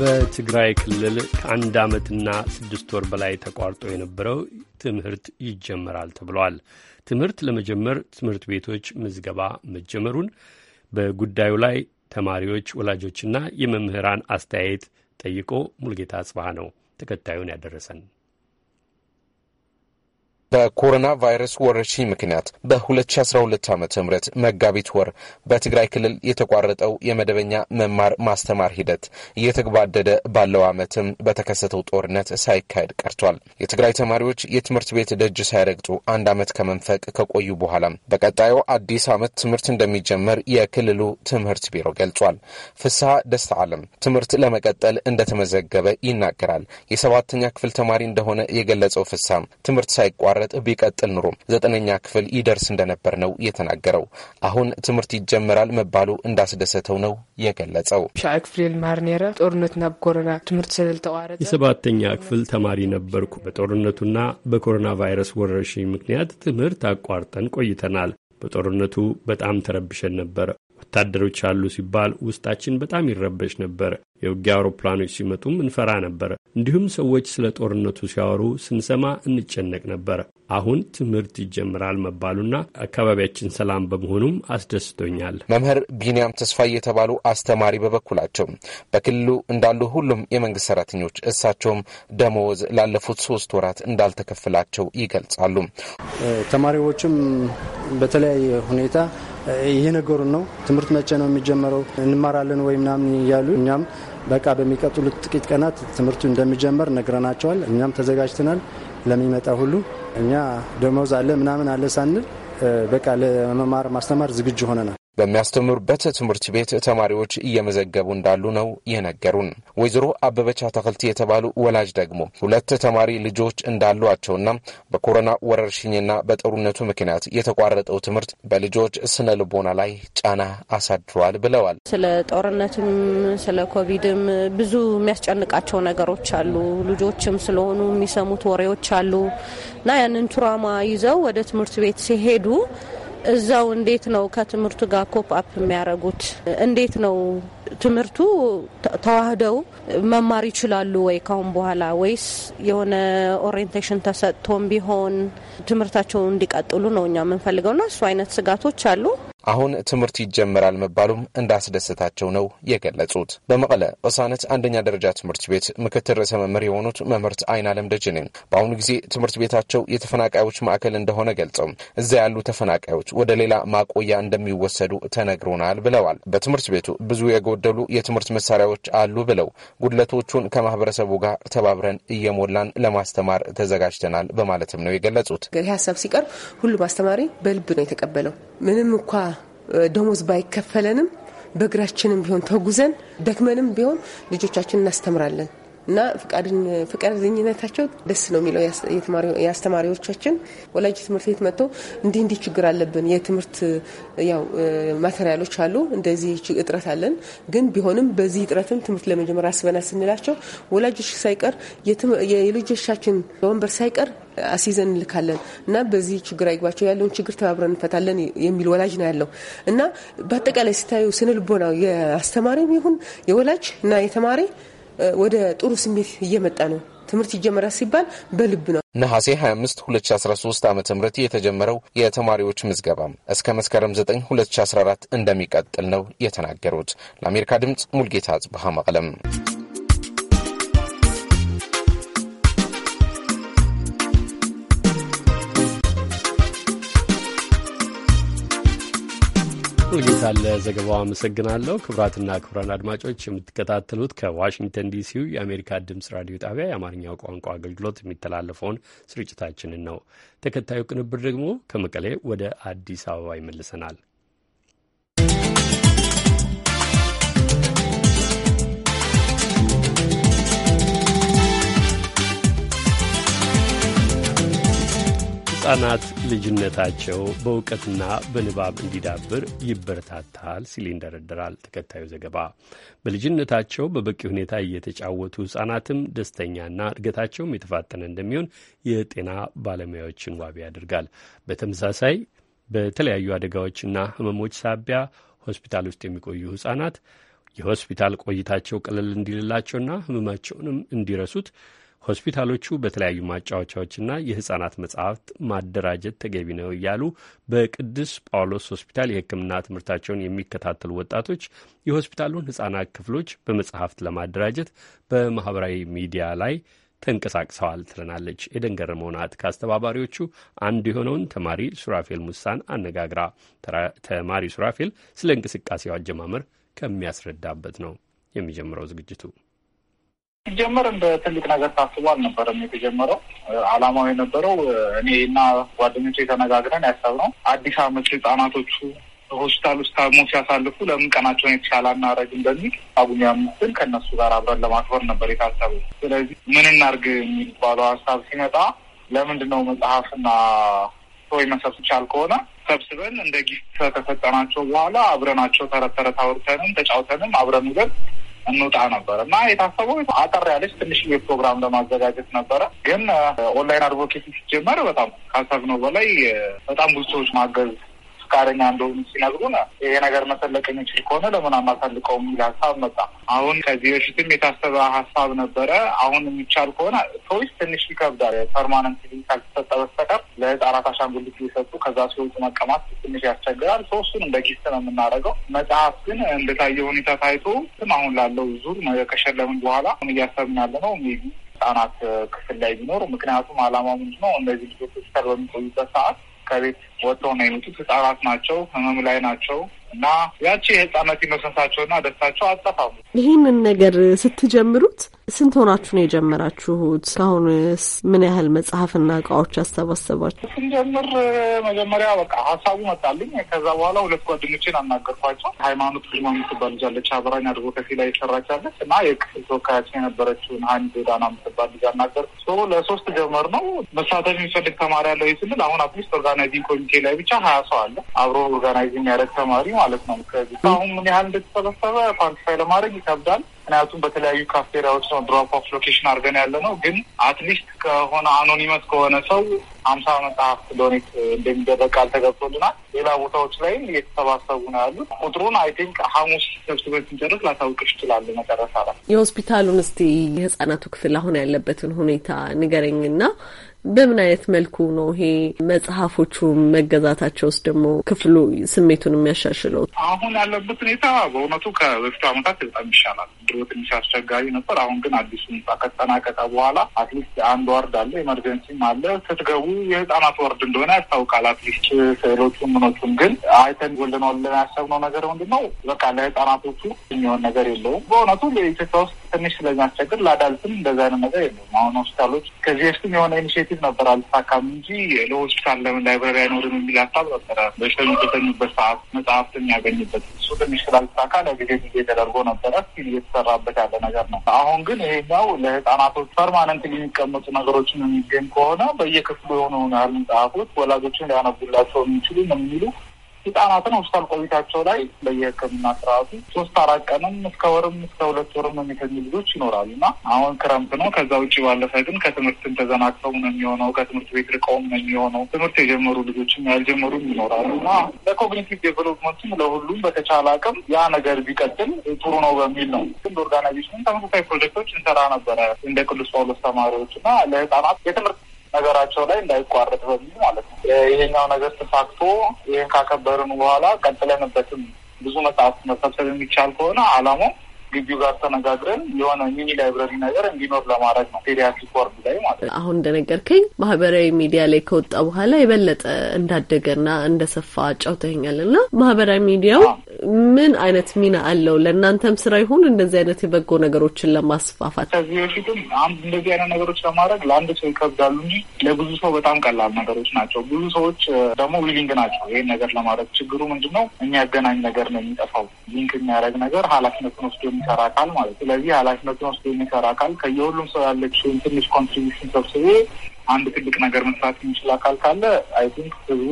በትግራይ ክልል ከአንድ ዓመትና ስድስት ወር በላይ ተቋርጦ የነበረው ትምህርት ይጀመራል ተብሏል። ትምህርት ለመጀመር ትምህርት ቤቶች ምዝገባ መጀመሩን በጉዳዩ ላይ ተማሪዎች፣ ወላጆችና የመምህራን አስተያየት ጠይቆ ሙልጌታ ጽባህ ነው ተከታዩን ያደረሰን። በኮሮና ቫይረስ ወረርሽኝ ምክንያት በ2012 ዓ ም መጋቢት ወር በትግራይ ክልል የተቋረጠው የመደበኛ መማር ማስተማር ሂደት እየተግባደደ ባለው ዓመትም በተከሰተው ጦርነት ሳይካሄድ ቀርቷል። የትግራይ ተማሪዎች የትምህርት ቤት ደጅ ሳይረግጡ አንድ ዓመት ከመንፈቅ ከቆዩ በኋላም በቀጣዩ አዲስ ዓመት ትምህርት እንደሚጀመር የክልሉ ትምህርት ቢሮ ገልጿል። ፍስሐ ደስታ ዓለም ትምህርት ለመቀጠል እንደተመዘገበ ይናገራል። የሰባተኛ ክፍል ተማሪ እንደሆነ የገለጸው ፍስሐም ትምህርት ሳይቋረ ሳይቋረጥ ቢቀጥል ኑሮ ዘጠነኛ ክፍል ይደርስ እንደነበር ነው የተናገረው። አሁን ትምህርት ይጀመራል መባሉ እንዳስደሰተው ነው የገለጸው። ሻዕ ክፍል ልማር ነረ ጦርነት ናብ ኮሮና ትምህርቲ ስለልተቋረጠ የሰባተኛ ክፍል ተማሪ ነበርኩ። በጦርነቱና በኮሮና ቫይረስ ወረርሽኝ ምክንያት ትምህርት አቋርጠን ቆይተናል። በጦርነቱ በጣም ተረብሸን ነበር። ወታደሮች አሉ ሲባል ውስጣችን በጣም ይረበሽ ነበር። የውጊያ አውሮፕላኖች ሲመጡም እንፈራ ነበር። እንዲሁም ሰዎች ስለ ጦርነቱ ሲያወሩ ስንሰማ እንጨነቅ ነበር። አሁን ትምህርት ይጀምራል መባሉና አካባቢያችን ሰላም በመሆኑም አስደስቶኛል። መምህር ቢንያም ተስፋ የተባሉ አስተማሪ በበኩላቸው በክልሉ እንዳሉ ሁሉም የመንግስት ሰራተኞች እሳቸውም ደመወዝ ላለፉት ሶስት ወራት እንዳልተከፍላቸው ይገልጻሉ። ተማሪዎችም በተለያየ ሁኔታ እየነገሩን ነው። ትምህርት መቼ ነው የሚጀመረው? እንማራለን ወይ ምናምን እያሉ እኛም በቃ በሚቀጥሉት ጥቂት ቀናት ትምህርቱ እንደሚጀመር ነግረናቸዋል። እኛም ተዘጋጅተናል ለሚመጣ ሁሉ። እኛ ደሞዝ አለ ምናምን አለ ሳንል በቃ ለመማር ማስተማር ዝግጁ ሆነናል። በሚያስተምሩበት ትምህርት ቤት ተማሪዎች እየመዘገቡ እንዳሉ ነው የነገሩን። ወይዘሮ አበበች አታክልት የተባሉ ወላጅ ደግሞ ሁለት ተማሪ ልጆች እንዳሏቸውና በኮሮና ወረርሽኝና በጦርነቱ ምክንያት የተቋረጠው ትምህርት በልጆች ስነ ልቦና ላይ ጫና አሳድሯል ብለዋል። ስለ ጦርነትም ስለ ኮቪድም ብዙ የሚያስጨንቃቸው ነገሮች አሉ። ልጆችም ስለሆኑ የሚሰሙት ወሬዎች አሉ እና ያንን ቱራማ ይዘው ወደ ትምህርት ቤት ሲሄዱ እዛው እንዴት ነው ከትምህርቱ ጋር ኮፕ አፕ የሚያደርጉት? እንዴት ነው ትምህርቱ ተዋህደው መማር ይችላሉ ወይ ካሁን በኋላ ወይስ የሆነ ኦሪየንቴሽን ተሰጥቶም ቢሆን ትምህርታቸውን እንዲቀጥሉ ነው እኛ የምንፈልገው የምንፈልገውና እሱ አይነት ስጋቶች አሉ። አሁን ትምህርት ይጀመራል መባሉም እንዳስደሰታቸው ነው የገለጹት። በመቀለ እሳነት አንደኛ ደረጃ ትምህርት ቤት ምክትል ርዕሰ መምህር የሆኑት መምህርት አይናለም ደጀኔም በአሁኑ ጊዜ ትምህርት ቤታቸው የተፈናቃዮች ማዕከል እንደሆነ ገልጸው እዚያ ያሉ ተፈናቃዮች ወደ ሌላ ማቆያ እንደሚወሰዱ ተነግሮናል ብለዋል። በትምህርት ቤቱ ብዙ የጎደሉ የትምህርት መሳሪያዎች አሉ ብለው ጉድለቶቹን ከማህበረሰቡ ጋር ተባብረን እየሞላን ለማስተማር ተዘጋጅተናል በማለትም ነው የገለጹት። ሀሳብ ሲቀርብ ሁሉም አስተማሪ በልብ ነው የተቀበለው ምንም እንኳ ደሞዝ ባይከፈለንም በእግራችንም ቢሆን ተጉዘን ደክመንም ቢሆን ልጆቻችን እናስተምራለን። እና ፈቃደኝነታቸው ደስ ነው የሚለው የአስተማሪዎቻችን። ወላጅ ትምህርት ቤት መጥተው እንዲህ እንዲህ ችግር አለብን፣ የትምህርት ያው ማቴሪያሎች አሉ፣ እንደዚህ እጥረት አለን፣ ግን ቢሆንም በዚህ እጥረትም ትምህርት ለመጀመር አስበና ስንላቸው ወላጆች ሳይቀር የልጆቻችን ወንበር ሳይቀር አስይዘን እንልካለን እና በዚህ ችግር አይግባቸው ያለውን ችግር ተባብረን እንፈታለን የሚል ወላጅ ነው ያለው። እና በአጠቃላይ ሲታዩ ስነ የአስተማሪም ይሁን የወላጅ እና የተማሪ ወደ ጥሩ ስሜት እየመጣ ነው። ትምህርት ይጀመራል ሲባል በልብ ነው። ነሐሴ 25 2013 ዓ ም የተጀመረው የተማሪዎች ምዝገባ እስከ መስከረም 9 2014 እንደሚቀጥል ነው የተናገሩት። ለአሜሪካ ድምፅ ሙልጌታ አጽብሃ መቀለም ሙልጌታ ለዘገባው አመሰግናለሁ። ክቡራትና ክቡራን አድማጮች የምትከታተሉት ከዋሽንግተን ዲሲው የአሜሪካ ድምፅ ራዲዮ ጣቢያ የአማርኛው ቋንቋ አገልግሎት የሚተላለፈውን ስርጭታችንን ነው። ተከታዩ ቅንብር ደግሞ ከመቀሌ ወደ አዲስ አበባ ይመልሰናል። ሕፃናት ልጅነታቸው በእውቀትና በንባብ እንዲዳብር ይበረታታል ሲል ይንደረደራል ተከታዩ ዘገባ። በልጅነታቸው በበቂ ሁኔታ እየተጫወቱ ሕፃናትም ደስተኛና እድገታቸውም የተፋጠነ እንደሚሆን የጤና ባለሙያዎችን ዋቢ ያደርጋል። በተመሳሳይ በተለያዩ አደጋዎችና ህመሞች ሳቢያ ሆስፒታል ውስጥ የሚቆዩ ሕፃናት የሆስፒታል ቆይታቸው ቀለል እንዲልላቸውና ህመማቸውንም እንዲረሱት ሆስፒታሎቹ በተለያዩ ማጫወቻዎችና የህጻናት መጽሐፍት ማደራጀት ተገቢ ነው እያሉ በቅዱስ ጳውሎስ ሆስፒታል የህክምና ትምህርታቸውን የሚከታተሉ ወጣቶች የሆስፒታሉን ህጻናት ክፍሎች በመጽሐፍት ለማደራጀት በማህበራዊ ሚዲያ ላይ ተንቀሳቅሰዋል ትለናለች ኤደን ገረመው ናት ከአስተባባሪዎቹ አንዱ የሆነውን ተማሪ ሱራፌል ሙሳን አነጋግራ። ተማሪ ሱራፌል ስለ እንቅስቃሴው አጀማመር ከሚያስረዳበት ነው የሚጀምረው ዝግጅቱ። ሲጀመር እንደ ትልቅ ነገር ታስቦ አልነበረም የተጀመረው። አላማው የነበረው እኔ እና ጓደኞች የተነጋግረን ነው አዲስ አመት ህጻናቶቹ ሆስፒታል ውስጥ ታሞ ሲያሳልፉ ለምን ቀናቸውን የተሻለ አናረግም በሚል ጳጉሜ አምስትን ከእነሱ ጋር አብረን ለማክበር ነበር የታሰበው። ስለዚህ ምን እናርግ የሚባለው ሀሳብ ሲመጣ ለምንድን ነው መጽሐፍና ሰው መሰብሰብ ይቻል ከሆነ ሰብስበን እንደ ጊፍት ከተሰጠናቸው በኋላ አብረናቸው ተረት አውርተንም ተጫውተንም አብረን ውለን እንውጣ ነበር እና የታሰበው አጠር ያለች ትንሽዬ ፕሮግራም ለማዘጋጀት ነበረ። ግን ኦንላይን አድቮኬሲ ሲጀመር በጣም ካሰብነው በላይ በጣም ብዙ ሰዎች ማገዝ ፍቃደኛ እንደሆኑ ሲነግሩን ይሄ ነገር መሰለቅ የሚችል ከሆነ ለምን አናሳልቀውም የሚል ሀሳብ መጣ። አሁን ከዚህ በፊትም የታሰበ ሀሳብ ነበረ። አሁን የሚቻል ከሆነ ሰዎች ትንሽ ይከብዳል። ፐርማነንት ካልተሰጠ በስተቀር ለህጻናት አሻንጉሊት ሊሰጡ ከዛ ሲወጡ መቀማት ትንሽ ያስቸግራል። ሰው እንደ ጊስት ነው የምናደርገው። መጽሐፍ ግን እንደታየ ሁኔታ ታይቶ ስም አሁን ላለው ዙር ከሸለምን በኋላ እያሰብን ያለ ነው ሜቢ ህጻናት ክፍል ላይ ቢኖሩ ምክንያቱም አላማ ነው? እነዚህ ልጆች ተር በሚቆዩበት ሰዓት ከቤት ወጥተው ነው የመጡት። ህጻናት ናቸው፣ ህመም ላይ ናቸው። እና ያቺ የህፃነት ይመስላቸውና ደስታቸው አጠፋሙ። ይህንን ነገር ስትጀምሩት ስንት ሆናችሁ ነው የጀመራችሁት? እስካሁን ምን ያህል መጽሐፍና እቃዎች አሰባሰባችሁ? ስንጀምር መጀመሪያ በቃ ሀሳቡ መጣልኝ። ከዛ በኋላ ሁለት ጓደኞቼን አናገርኳቸው። ሃይማኖት ልማ የምትባል ልጅ አለች፣ አብራኝ አድቮካሲ ላይ ይሰራቻለች እና የክፍል ተወካያችን የነበረችውን ሀኒ ዳና የምትባል ልጅ አናገርኩ። ለሶስት ጀመር ነው መሳተፍ የሚፈልግ ተማሪ ያለው ስንል አሁን አትሊስት ኦርጋናይዚንግ ኮሚቴ ላይ ብቻ ሀያ ሰው አለ አብሮ ኦርጋናይዚንግ ያደረግ ተማሪ ማለት ነው። ከዚህ አሁን ምን ያህል እንደተሰበሰበ ኳንቲፋይ ለማድረግ ይከብዳል። ምክንያቱም በተለያዩ ካፍቴሪያዎች ነው ድሮፕ ኦፍ ሎኬሽን አድርገን ያለ ነው። ግን አትሊስት ከሆነ አኖኒመስ ከሆነ ሰው አምሳ መጽሐፍ ዶኔት እንደሚደረግ ቃል ተገብቶልናል። ሌላ ቦታዎች ላይም እየተሰባሰቡ ነው ያሉት። ቁጥሩን አይ ቲንክ ሐሙስ ሰብስበን ስንጨርስ ላሳውቅሽ እችላለሁ። መጨረሻ ላይ የሆስፒታሉን እስቲ የህጻናቱ ክፍል አሁን ያለበትን ሁኔታ ንገረኝና በምን አይነት መልኩ ነው ይሄ መጽሐፎቹ መገዛታቸውስ ደግሞ ክፍሉ ስሜቱን የሚያሻሽለው? አሁን ያለበት ሁኔታ በእውነቱ ከበፊቱ ዓመታት በጣም ይሻላል። ድሮ ትንሽ አስቸጋሪ ነበር። አሁን ግን አዲሱ ሁኔታ ከተጠናቀቀ በኋላ አትሊስት አንድ ወርድ አለ፣ ኤመርጀንሲም አለ። ስትገቡ የህጻናት ወርድ እንደሆነ ያስታውቃል። አትሊስት ስዕሎቹን ምኖቹም ግን አይተን ጎልነው ያሰብነው ነገር ምንድን ነው በቃ ለህጻናቶቹ የሚሆን ነገር የለውም። በእውነቱ ለኢትዮጵያ ውስጥ ትንሽ ስለሚያስቸግር ለአዳልትም እንደዛ አይነት ነገር የለም። አሁን ሆስፒታሎች ከዚህ በፊትም የሆነ ኢኒሽቲቭ ነበር አልተሳካም እንጂ ለሆስፒታል ለምን ላይብራሪ አይኖርም የሚል ሀሳብ ነበረ። በሽተኞች የተኙበት ሰዓት መጽሐፍት የሚያገኝበት እሱ ትንሽ ስላልተሳካ ለጊዜ ጊዜ ተደርጎ ነበረ። ስቲል እየተሰራበት ያለ ነገር ነው። አሁን ግን ይሄኛው ለህጻናቶች ፐርማነንት የሚቀመጡ ነገሮችን የሚገኝ ከሆነ በየክፍሉ የሆኑ ያሉ መጽሐፎች ወላጆችን ሊያነቡላቸው የሚችሉ ነው የሚሉ ህጻናትን ሆስፒታል ቆይታቸው ላይ በየህክምና ስርዓቱ ሶስት አራት ቀንም እስከ ወርም እስከ ሁለት ወርም የሚተኙ ልጆች ይኖራሉ እና አሁን ክረምት ነው። ከዛ ውጭ ባለፈ ግን ከትምህርትም ተዘናግተው ነው የሚሆነው። ከትምህርት ቤት ርቀውም ነው የሚሆነው። ትምህርት የጀመሩ ልጆችም ያልጀመሩም ይኖራሉ እና ለኮግኒቲቭ ዴቨሎፕመንትም ለሁሉም በተቻለ አቅም ያ ነገር ቢቀጥል ጥሩ ነው በሚል ነው። ግን ኦርጋናይዜሽን ተመሳሳይ ፕሮጀክቶች እንሰራ ነበረ እንደ ቅዱስ ጳውሎስ ተማሪዎች እና ለህጻናት የትምህርት ነገራቸው ላይ እንዳይቋረጥ በሚል ማለት ነው። ይሄኛው ነገር ተሳክቶ ይህን ካከበርን በኋላ ቀጥለንበትም ብዙ መጽሐፍት መሰብሰብ የሚቻል ከሆነ አላማው ግቢው ጋር ተነጋግረን የሆነ ሚኒ ላይብረሪ ነገር እንዲኖር ለማድረግ ነው። ፔዲያትሪክ ወርድ ላይ ማለት ነው። አሁን እንደነገርከኝ ማህበራዊ ሚዲያ ላይ ከወጣ በኋላ የበለጠ እንዳደገና እንደሰፋ ጫውተኛል እና ማህበራዊ ሚዲያው ምን አይነት ሚና አለው? ለእናንተም ስራ ይሁን እንደዚህ አይነት የበጎ ነገሮችን ለማስፋፋት ከዚህ በፊትም አንድ እንደዚህ አይነት ነገሮች ለማድረግ ለአንድ ሰው ይከብዳሉ እንጂ ለብዙ ሰው በጣም ቀላል ነገሮች ናቸው። ብዙ ሰዎች ደግሞ ዊሊንግ ናቸው ይህን ነገር ለማድረግ። ችግሩ ምንድን ነው? እኛ ያገናኝ ነገር ነው የሚጠፋው። ሊንክ የሚያደርግ ነገር ኃላፊነትን ወስዶ የሚሰራ አካል ማለት ስለዚህ ኃላፊነቱን ወስዶ የሚሰራ አካል ከየሁሉም ሰው ያለችውን ትንሽ ኮንትሪቢሽን ሰብስቤ አንድ ትልቅ ነገር መስራት የሚችል አካል ካለ አይ ቲንክ ህዝቡ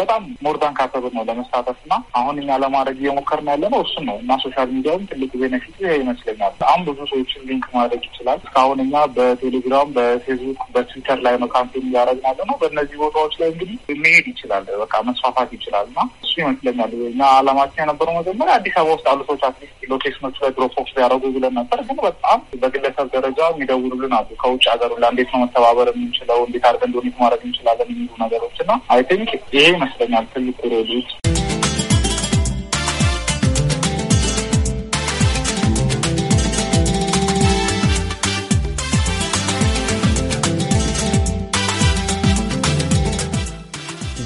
በጣም ሞርዳን ካሰብን ነው ለመሳተፍ እና አሁን እኛ ለማድረግ እየሞከርን ያለ ነው እሱን ነው እና ሶሻል ሚዲያውም ትልቅ ቤኔፊት ይመስለኛል። በጣም ብዙ ሰዎችን ሊንክ ማድረግ ይችላል። እስካሁን እኛ በቴሌግራም፣ በፌስቡክ፣ በትዊተር ላይ ነው ካምፔን እያደረግን ያለ ነው። በእነዚህ ቦታዎች ላይ እንግዲህ መሄድ ይችላል፣ በቃ መስፋፋት ይችላል እና እሱ ይመስለኛል እኛ አላማችን የነበረው መጀመሪያ አዲስ አበባ ውስጥ አሉ ሰዎች አትሊስት ሎኬሽኖች ላይ ድሮፕ ኦፍ ያደረጉ ብለን ነበር። ግን በጣም በግለሰብ ደረጃ የሚደውሉልን አሉ ከውጭ ሀገር ላ እንዴት ነው መተባበር የምንችለው እንዴት አድርገን ዶኔት ማድረግ እንችላለን የሚሉ ነገሮች እና አይ ቲንክ ይሄ ይመስለኛል ትልቁ ሮል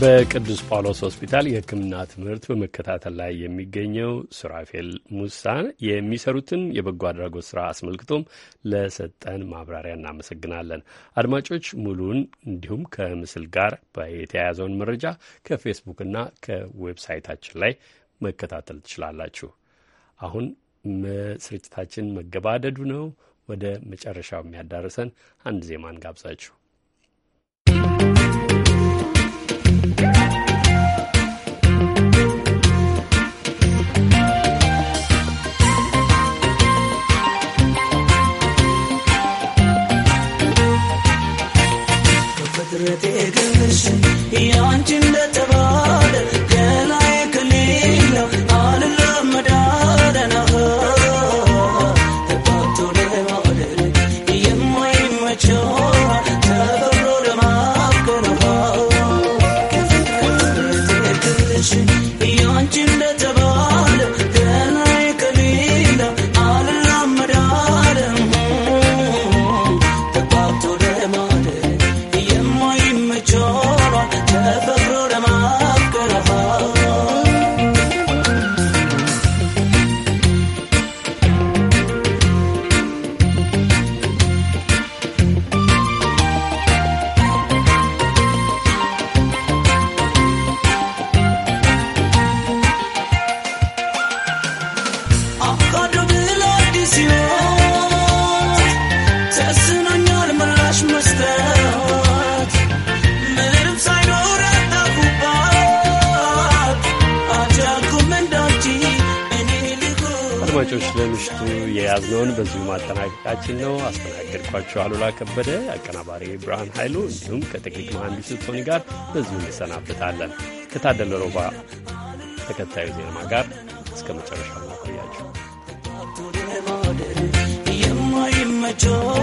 በቅዱስ ጳውሎስ ሆስፒታል የሕክምና ትምህርት በመከታተል ላይ የሚገኘው ሱራፌል ሙሳን የሚሰሩትን የበጎ አድራጎት ስራ አስመልክቶም ለሰጠን ማብራሪያ እናመሰግናለን። አድማጮች ሙሉን እንዲሁም ከምስል ጋር የተያያዘውን መረጃ ከፌስቡክና ከዌብሳይታችን ላይ መከታተል ትችላላችሁ። አሁን ስርጭታችን መገባደዱ ነው። ወደ መጨረሻው የሚያዳርሰን አንድ ዜማን ጋብዛችሁ ትኩረቴ ግብሽ ያንቺ እንደተባለ አስተናጋጃቸው አሉላ ከበደ፣ አቀናባሪ ብርሃን ኃይሉ እንዲሁም ከቴክኒክ መሐንዲሱ ቶኒ ጋር በዚሁ እንሰናበታለን። ከታደለ ሮባ ተከታዩ ዜማ ጋር እስከ መጨረሻ መጨረሻው እናቆያቸው።